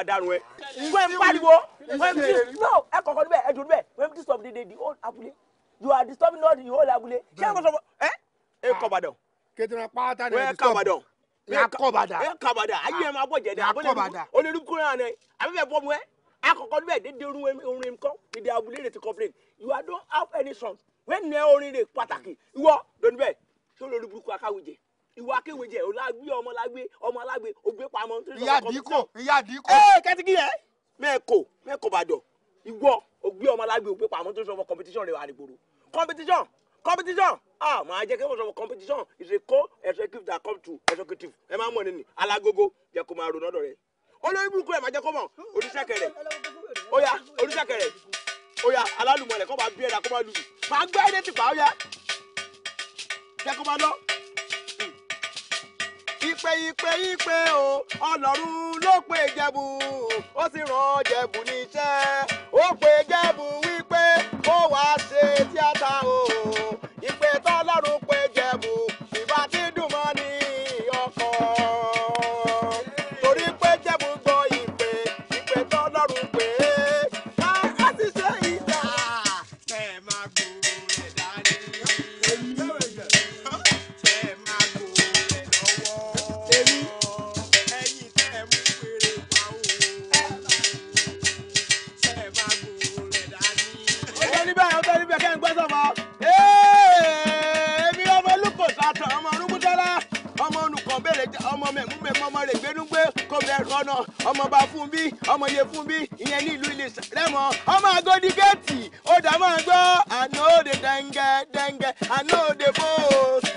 darun ẹ. wọ́n ń pariwo wọ́n ń dis no ẹ kọ̀kọ́ níbẹ̀ ẹ dùn níbẹ̀ wọ́n ń disturb the the the whole abúlé you are disturbing all the whole abúlé. ṣé ẹ kọ́ sọ́kọ́ ẹ ẹ kọ́ Ìbàdàn. kẹtìrán pátá ni ẹ disturb ẹ kọ́ Ìbàdàn. ẹ kọ́ Ìbàdàn ayé ẹ máa bọ̀ jẹ̀dẹ̀ àbọ̀lẹ̀ olùdókòwò náà àbẹ̀fẹ̀ bọ̀ mu ẹ akọkọ níbẹ̀ dédé orin kan èdè abúlé rẹ ti complain you are don't have any song when ẹ orin rẹ pàtàkì ìwọ lónìí bẹ́ẹ̀ ṣé olórí burúkú akáwé jẹ ìwà kéwìn jẹ ọlágbé ọmọ lágbé ọmọ lágbé ògbé pamọ́. ìyá àdínkù ìyá àdínkù. ẹ kẹtíkì yẹ. mẹ́ẹ̀kọ mẹ́ẹ̀kọ bàjọ́ ìwọ ògbé ọmọ lágbé ògbé pamọ́ tó sọ fún competition rẹ̀ àdìgbòrò competition competition ah màá jẹ́ kí wọ́n sọ fún competition is a co executive that come to executive ẹ máa mọ̀ nínú alágógó jẹ́ kó máa ronú ọ̀dọ̀ rẹ̀ olórí burúkú ẹ̀ máa jẹ́ kó mọ̀ oníṣẹ́kẹ̀rẹ̀ ó yá oníṣẹ́kẹ̀rẹ̀ ó yá alálùmọ̀lẹ̀ kó máa bí ẹ̀dá kó máa lùlù màá gbẹ́ ẹ̀dẹ́ tìpá ó yá kó máa lọ ìpè ìpè ìpè o ọlọ́run ló pè jẹ̀bù ó sì rán jẹ̀bù níṣẹ́ ó pè jẹ̀bù wípé ó wàá ṣe tíátà o ìpè tọ́lọ́run kọ́nà ọmọọba fún bí ọmọye fún bí ìyẹn ní ìlú ilé rẹmọ ọmọ agodi gẹẹti ó dá máa gbọ́ àná òde dẹngẹ dẹngẹ àná òde bóòsì.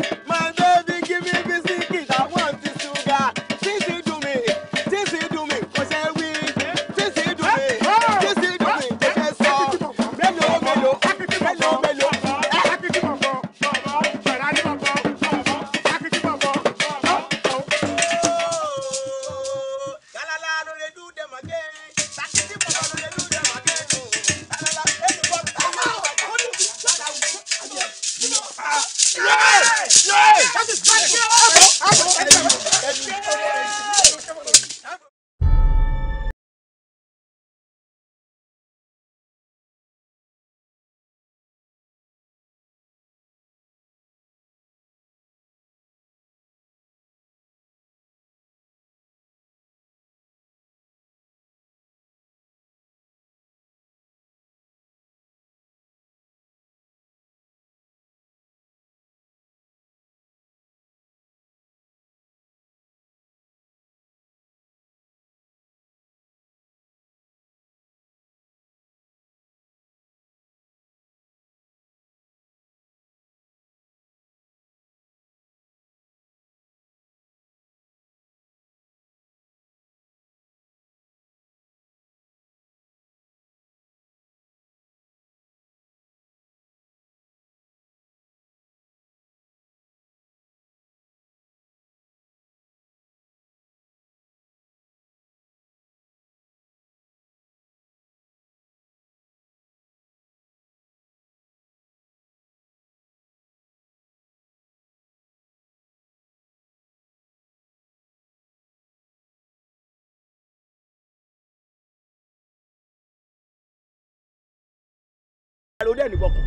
àròlé ẹnìbọkàn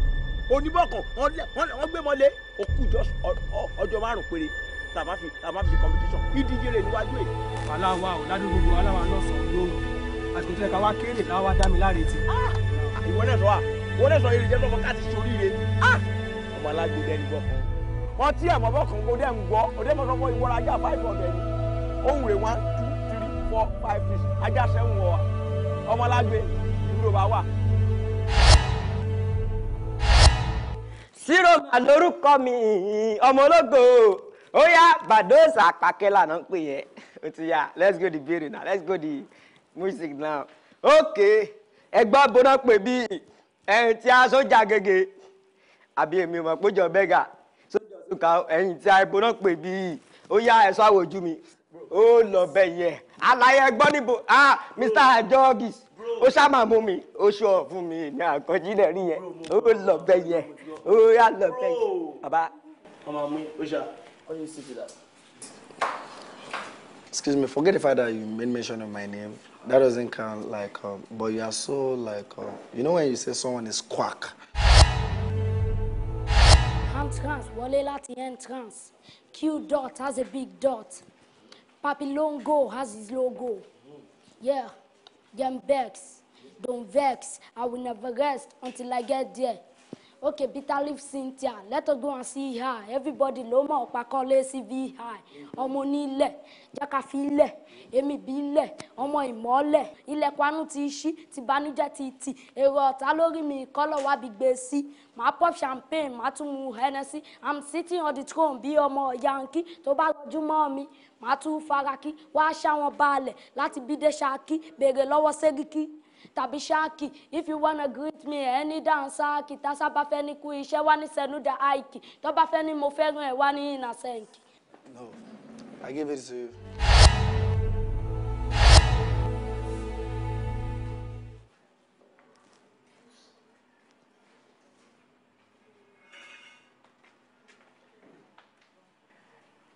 oníbọkàn wọn gbé mọlé òkú jọ ọjọ́ márùn péré tàbá fi tàbá fi competition ìdíje rẹ níwájú ẹ. aláwa ò ládùúgbò gbogbo aláwa náà sọ lóhùn àsìkò tó yẹ ká wá kéré ká wá dá mi láre tì. Ah! ìwọ náà sọ wa ìwọ náà sọ eré jẹ́ sọ́kọ́ káàtì soríire ah! ọmọ alágbó dẹ́ni bọ́kàn wọn tí àmọ́ bọ́kàn kò dẹ́ ń gbọ́ òde mọ́tò fọ ìwọ́ra ajá five hundred ni ohun rẹ̀ one two three four five six ajá seven wọ̀ ọmọ alágbé ìwúrò bá wà síròmà lórúkọ mi ọmọ ó yá bàdóòsà pàkẹ́là náà ń pè ti yá let's go the beer now let's go the music now okay ẹgbọ́n bóná pè bí ẹ̀yìn tí a sójà gègé àbí èmi mọ̀ péjọ bẹ́gà sójà òsùnkà ẹ̀yìn tí a bóná pè bí ó yá àwòjú Mr. ó ṣá mú mi ó ṣó fún mi ní àkànjí náà rí yẹn ó lọ bẹ yẹn ó yà lọ bẹ yẹn bàbá. ọmọ mi ó ṣá ó yẹ sí ti Excuse me, forget the fact that you made mention of my name. That doesn't count, like, um, but you are so, like, um, you know when you say someone is quack? Entrance, Wale Lati entrance. Q dot has a big dot. Papi Longo has his logo. Yeah. vex, Don't vex. I will never rest until I get there. Okay, Bitter leave Cynthia, let us go and see her. Everybody no more. ló mọ̀ Ọ̀pákọ́lé CV high. Ọmọ Emi jákàfilẹ̀, èmi bílẹ̀, ọmọ ìmọ̀ọ́lẹ̀. Ilẹ̀kùn anú ti ṣí, ti banújẹ́ ti tì. Èrò ọ̀tá lórí mi kọ́lọ̀ wá bí gbé sí. Màá pop champagne, màá tún mu Hennessy. I'm sitting on the throne bí ọmọ Yankee tó bá rọjú mọ́ mi. Màá tún fara kí, wá ṣáwọn balẹ̀ láti bídé ṣáàkí, béèrè lọ́wọ́ Sẹ́ríkì tàbí ṣáàkì if you wanna greet me any dance, ṣáàkì tásá bá fẹ́ ní kú iṣẹ́ wá ní sẹ́núdà àìkì tó bá fẹ́ ní mo fẹ́ràn ẹ̀ wá ní ìnàṣẹ́ǹkì. No, I give it to you.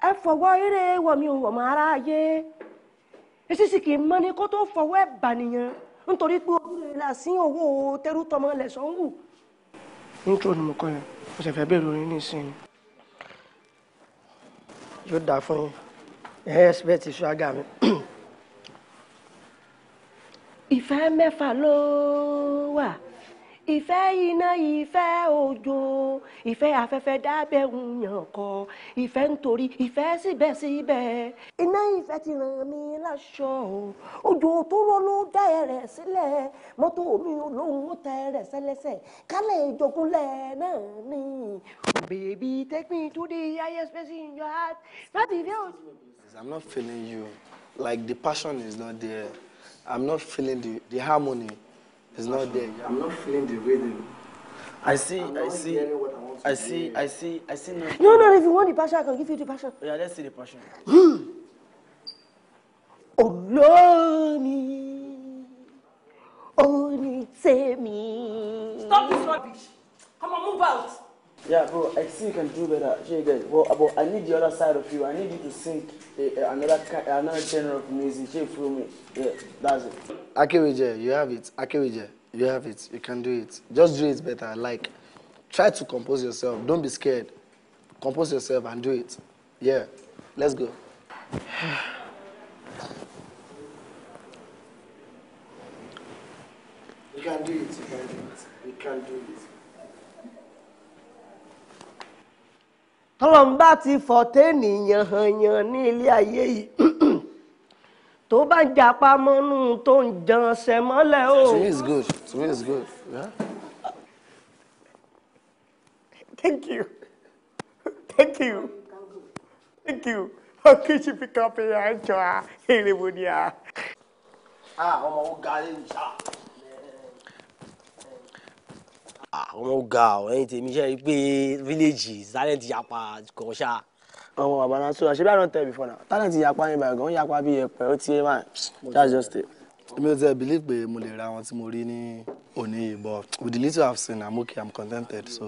ẹ fọwọ́ eré wọ̀mí wọ̀mọ́ ara yé esísì kì í mọ́ ni kó tó fọwọ́ ẹ̀ bànìyàn nítorí pé ojú rẹ̀ la sí owó tẹ́rù tọmọ lẹ̀sán wù. nítorí mo kọ́ yẹn mo sì fẹ́ bẹ̀rẹ̀ orin nísìnyí yóò dáa fún yín ẹ̀ ẹ́ ẹ̀sìpẹ̀tì ṣúágà mi. ìfẹ́ mẹ́fà ló wà ìfẹ́ iná ìfẹ́ òjò ìfẹ́ afẹ́fẹ́ dábẹ́ ń kọ ìfẹ́ nítorí ìfẹ́ síbẹ̀síbẹ̀. iná ìfẹ́ ti ràn mí láṣọ òjò tó rọ ló dá ẹrẹ̀ sílẹ̀ mọ́tò mi olóhùn ó tẹ ẹrẹ̀ sẹ́lẹ̀sẹ̀ kálẹ̀ ìjọgúnlẹ̀ náà ni. Oh, baby take me to the highest place in your heart láti ìfẹ́ òjò. I'm not feeling you like the passion is not there I'm not feeling the, the harmony. It's not there. I'm not feeling the rhythm. I see, I see, I see, I see, I see nothing. No, no, if you want the passion, I can give you the passion. Yeah, let's see the passion. Oh oh no me, Olórin, orin me. Stop this rubbish. Come on, move out. Yeah, bro, I see you can do better. Jay, guys, well, uh, but I need the other side of you. I need you to sing uh, another another genre of music. Jay, through me. Yeah, that's it. Akewije, you have it. Akewije, you have it. You can do it. Just do it better. Like, try to compose yourself. Don't be scared. Compose yourself and do it. Yeah, let's go. you can do it. You can do it. You can do it. tọ́lọ́n bá ti fọ̀tẹ́ ènìyàn hànyàn ní ilé ayé yìí tó bá ń japa mọ́nú tó ń jan sẹ́mọ́lẹ̀ o. to me is good to me is good. Yeah? thank you thank you thank you ọkùnrin fi kàn pé à ń jọ à èrè wo ni à. Ah, ọmọ wo ga lè yìí àwọn ah, ọ̀gá ẹ̀yin tèmi ṣe rí i pé fíléèjì talent yapa kàn ṣá. ọmọ àbáná sọ àṣebí àrùn tẹ before talent yapa yẹn báyìí gan yapa bí ẹpẹ ó ti máa that's just it. èmi ò tẹ bìlí pé mo lè ra àwọn tí mo rí ní òní yìí but with the little i have seen i'm okay i'm contented so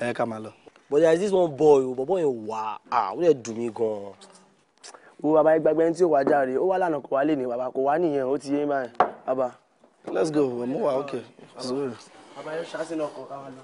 ẹ ká máa lọ. but there is this one boy o bọ̀bọ̀ yẹn wà á ah, ó lè dùn mí gan wo bàbá ẹgbẹgbẹ tí ó wà járe ó wà lánàá kò wá lè ní bàbá kò wá nìyẹn ó ti yé báyìí bàbá. let's go mo wà okay bàbá yẹn ṣáṣí náà kàn káwa lọ.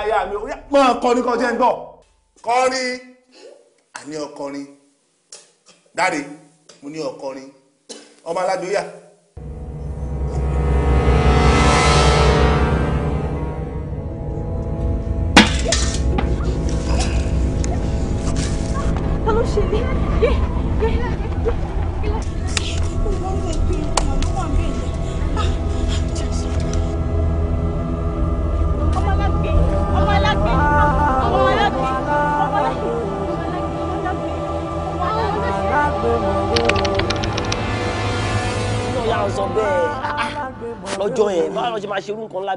aya mi máa kọrin kọjá ń gbọ́. kọrin àní ọkọrin dáre mo ní ọkọrin ọmọ aládùúyà. ta ló ṣe mí.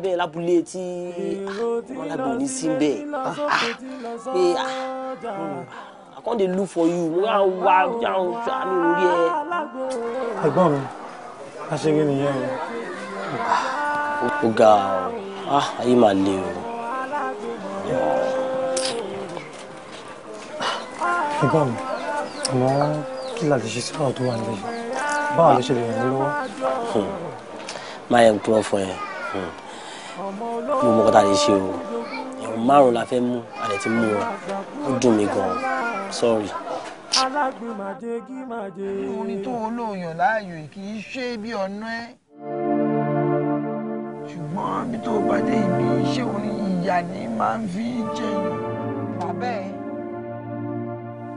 bẹ́ẹ̀ lábúlé tí wọn ah, sí bẹ́ẹ̀ ah, ah, pé I come dey for you wá wá jáwọn jáwọn orí ẹ. ẹ̀gbọ́n mi a nìyẹn ó ga ọ ayé máa le o. ẹ̀gbọ́n mi àmọ́ kí la lè ṣe sí tó wà nílẹ̀ báwo ló ṣe lè ràn mí lọ́wọ́. Hmm. máa yẹ kí wọ́n fọ ẹ mi ò mọ kọ́ta lè ṣe o ẹ̀rù márùn la fẹ́ mú àdẹ̀ ti mú wọn ó dùn mí gan-an orin tó ń lò yàn láàyò kì í ṣe bí ọ̀nà ẹ̀ ṣùgbọ́n bí tó bá dé ibi iṣẹ́ orin ìyá ni máa ń fi jẹyàn. bàbá ẹ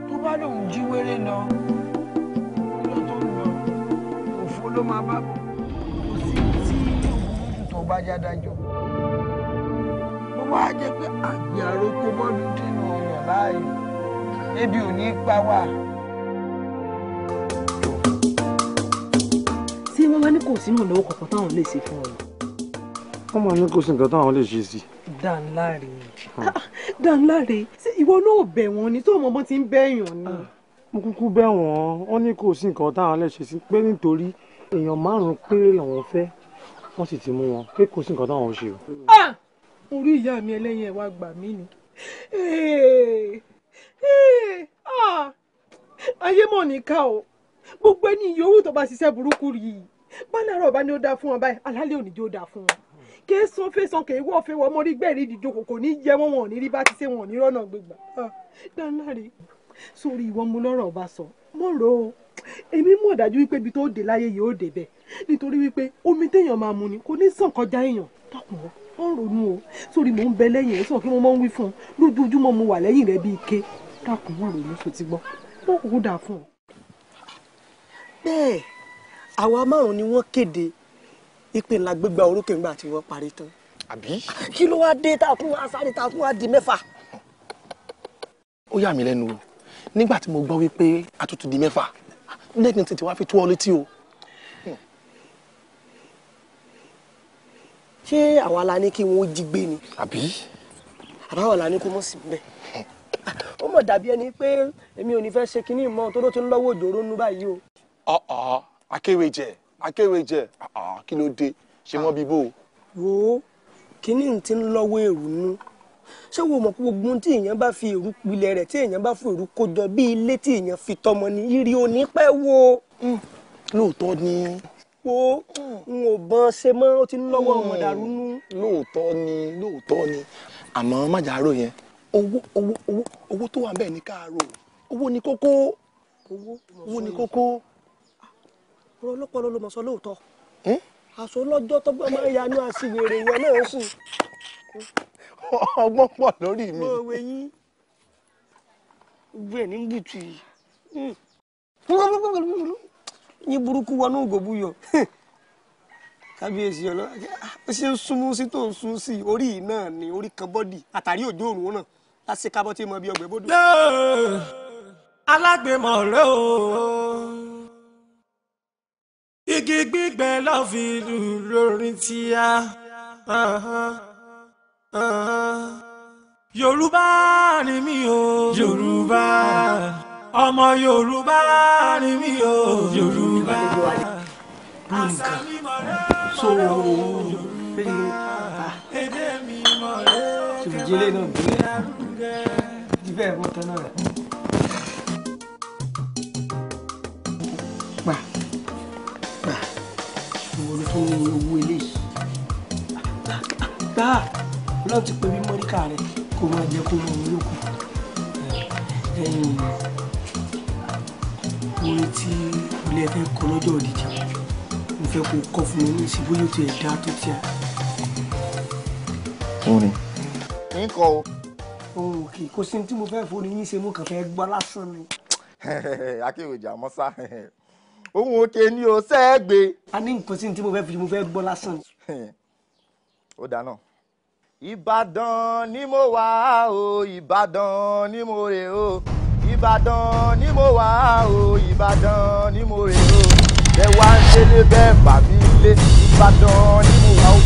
tó bá lòun jí wéré lọ lọ tó lọ òfo ló máa bá kò sí tí yóò burú tó bá já dájọ́ wá jẹ́ pé àgbẹ̀ àròkọ bọ́ọ̀lù dínà ọ̀yàn láàyò ebi ò ní í pa wá. tí wọ́n bá ní kò sínú ìnáwó kankan táwọn lè ṣe fún ọ. wọ́n máa ní kò sí nǹkan táwọn lè ṣe sí. Danláre hmm. ah, Danláre ṣé ìwọ náà bẹ̀ wọ́n ni tó ọmọ ọmọ ti ń bẹ̀yàn ni. Ah, mo kúkú bẹ̀ wọ́n wọ́n ní kò sí nǹkan táwọn lè ṣe sí pé nítorí èèyàn márùn-ún péré làwọn fẹ́ wọ́n sì ti mú wọn pé kò sí nǹkan táwọn ò ṣe o. Ah! orí ìyá mi ẹlẹ́yìn ẹ̀ wá gbà mí ni. Ah! ayé mọ̀ nìka o gbogbo ẹni yòówù tó bá ṣiṣẹ́ burúkú rí i bálàrọ̀ bá ní ó dáa fún wọn báyìí alálẹ́ òní tí ó dáa fún wọn kì í san fẹsàn kì í wọ́ fẹ́ wọ́n mọ́rí gbẹ̀rí ìdìjokò kò ní jẹ́ wọn wọn ò ní rí bá ti ṣe wọn ò ní rọ́nà gbégbà ah! dáńláre sórí ìwọ mo lọ́rọ̀ ọba sọ mo rò ó èmi mọ̀ dájú wípé ibi tó dé láyé yìí ó dé bẹ́ẹ̀ nítorí wípé omi téèyàn máa mu ni kò ní sàn kọjá èèyàn tọkùn ó ń ronú o sórí mò ń bẹ lẹ́yìn ẹ̀ sọ kí mo mọ́ ń wí fún un lójoojúmọ́ mo wà lẹ́yìn rẹ̀ bíi ike dákun mọ́ ronú sọ ti gbọ́ mo kò kó dáa fún ọ. bẹ́ẹ̀ àwa márùn-ún ni wọ́n kéde ìpè gbégbá orókè ńgbà tí wọ́n parí tán. àbí. kí ló wá dé tá a tún wá sáré tá a tún wá di mẹ́fà. ó yà mí lẹ́nu o nígbà tí mo gbọ́ wípé a di mẹ́fà lẹ́gbẹ̀ẹ́ tètè wá fi tó ọ létí o. ṣé àwa la ní kí wọ́n jí gbé ni. àbí. àbáwọ̀ la ní kó mọ̀ sí bẹ́ẹ̀ ó mọ̀ dàbí ẹni pé èmi ò ní fẹ́ ṣe kinní mọ́ tó ló ti ń lọ́wọ́ òjòrò nú báyìí o. ọ̀ọ́ akéwèjẹ akéwèjẹ kí ló dé ṣé wọ́n bí bò. wo kinní ti ń lọ́wọ́ èrú nú ṣé wo mọ̀ pé gbogbo tí èèyàn bá fi èrú pilẹ̀ rẹ̀ tí èèyàn bá fún èrú kó jọ bí ilé tí èèyàn fi tọmọ ní irí onípẹ́ wo. lóòótọ́ ni po n ò bọ́n ṣe mọ́ ó ti ń lọ́wọ́ hmm. ọmọ dàrú nú. lóòótọ́ ni lóòótọ́ ni àmọ́ májàárò yẹn owó owó owó owó tó wà bẹ́ẹ̀ ní káàárọ̀ owó ni kókó owó ni kókó. Ah, ọ̀rọ̀ ọlọ́pàá ló mọ̀ sọ lóòótọ́ àṣọ lọ́jọ́ tọ́gbọ́n máa ń yanú àṣìwèrè yẹn náà sùn. ọgbọ́n pọ̀ lórí mi. mo wẹ̀ yín gbé ní bùtù yìí. Hmm yín burúkú wọnú ògòbú yọ kábíyèsí ọlọ́wà ó ṣe ń súnmú sí tó ń sún sí orí náà ni orí kan bọ́dì àtàrí òjò òrùn náà láti kábọ́ tí mo bí ọgbẹ́ bọ́dọ̀. alágbèmọ̀ rẹ o igi gbígbẹ lọ́ọ́ fi lù lórí tíá. Yorùbá ni mí o. Yorùbá ọmọ yorùbá ni mí o yorùbá àṣà mi mọ̀ rẹ́ mọ̀ rẹ́ o yorùbá èdè mi mọ̀ rẹ́ kẹ́kọ̀ọ́ mi lárugẹ. Ibẹ̀ mo tán náà rẹ̀. Gbà gbà ìwọ ló tún ní owó eléyìí. Gbà ọlọ́run ti pè mí mọ́ríkà rẹ̀ kó máa jẹ́ kó mọ òun lókun ọkùnrin tí ilé ẹ̀fẹ́ kọ lọ́jọ́ òdìjà mo fẹ́ kó kọ́ fún mi sí bóyá o ti dá tó tíya. orin. kì kọ o. ohun òkè kò sí ní tí mo fẹ́ forí yín ṣe mo kàn fẹ́ gbọ́ lásán ni. akéwèjà mọ́sá ohun òkè ni o sẹ́ẹ̀gbẹ́. a ní nǹkan sí ní tí mo fẹ́ fi mo fẹ́ gbọ́ lásán ni. ó dáná. Ìbàdàn ni mo wà o Ìbàdàn ni mo rè o ìbàdàn ni mo wà o ìbàdàn ni mo rè o ẹ wá ń ṣẹlẹ̀ bẹ́ẹ̀ bà mí lé ìbàdàn ni mo wà o.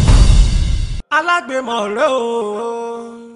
alágbèmọ̀ rẹ o.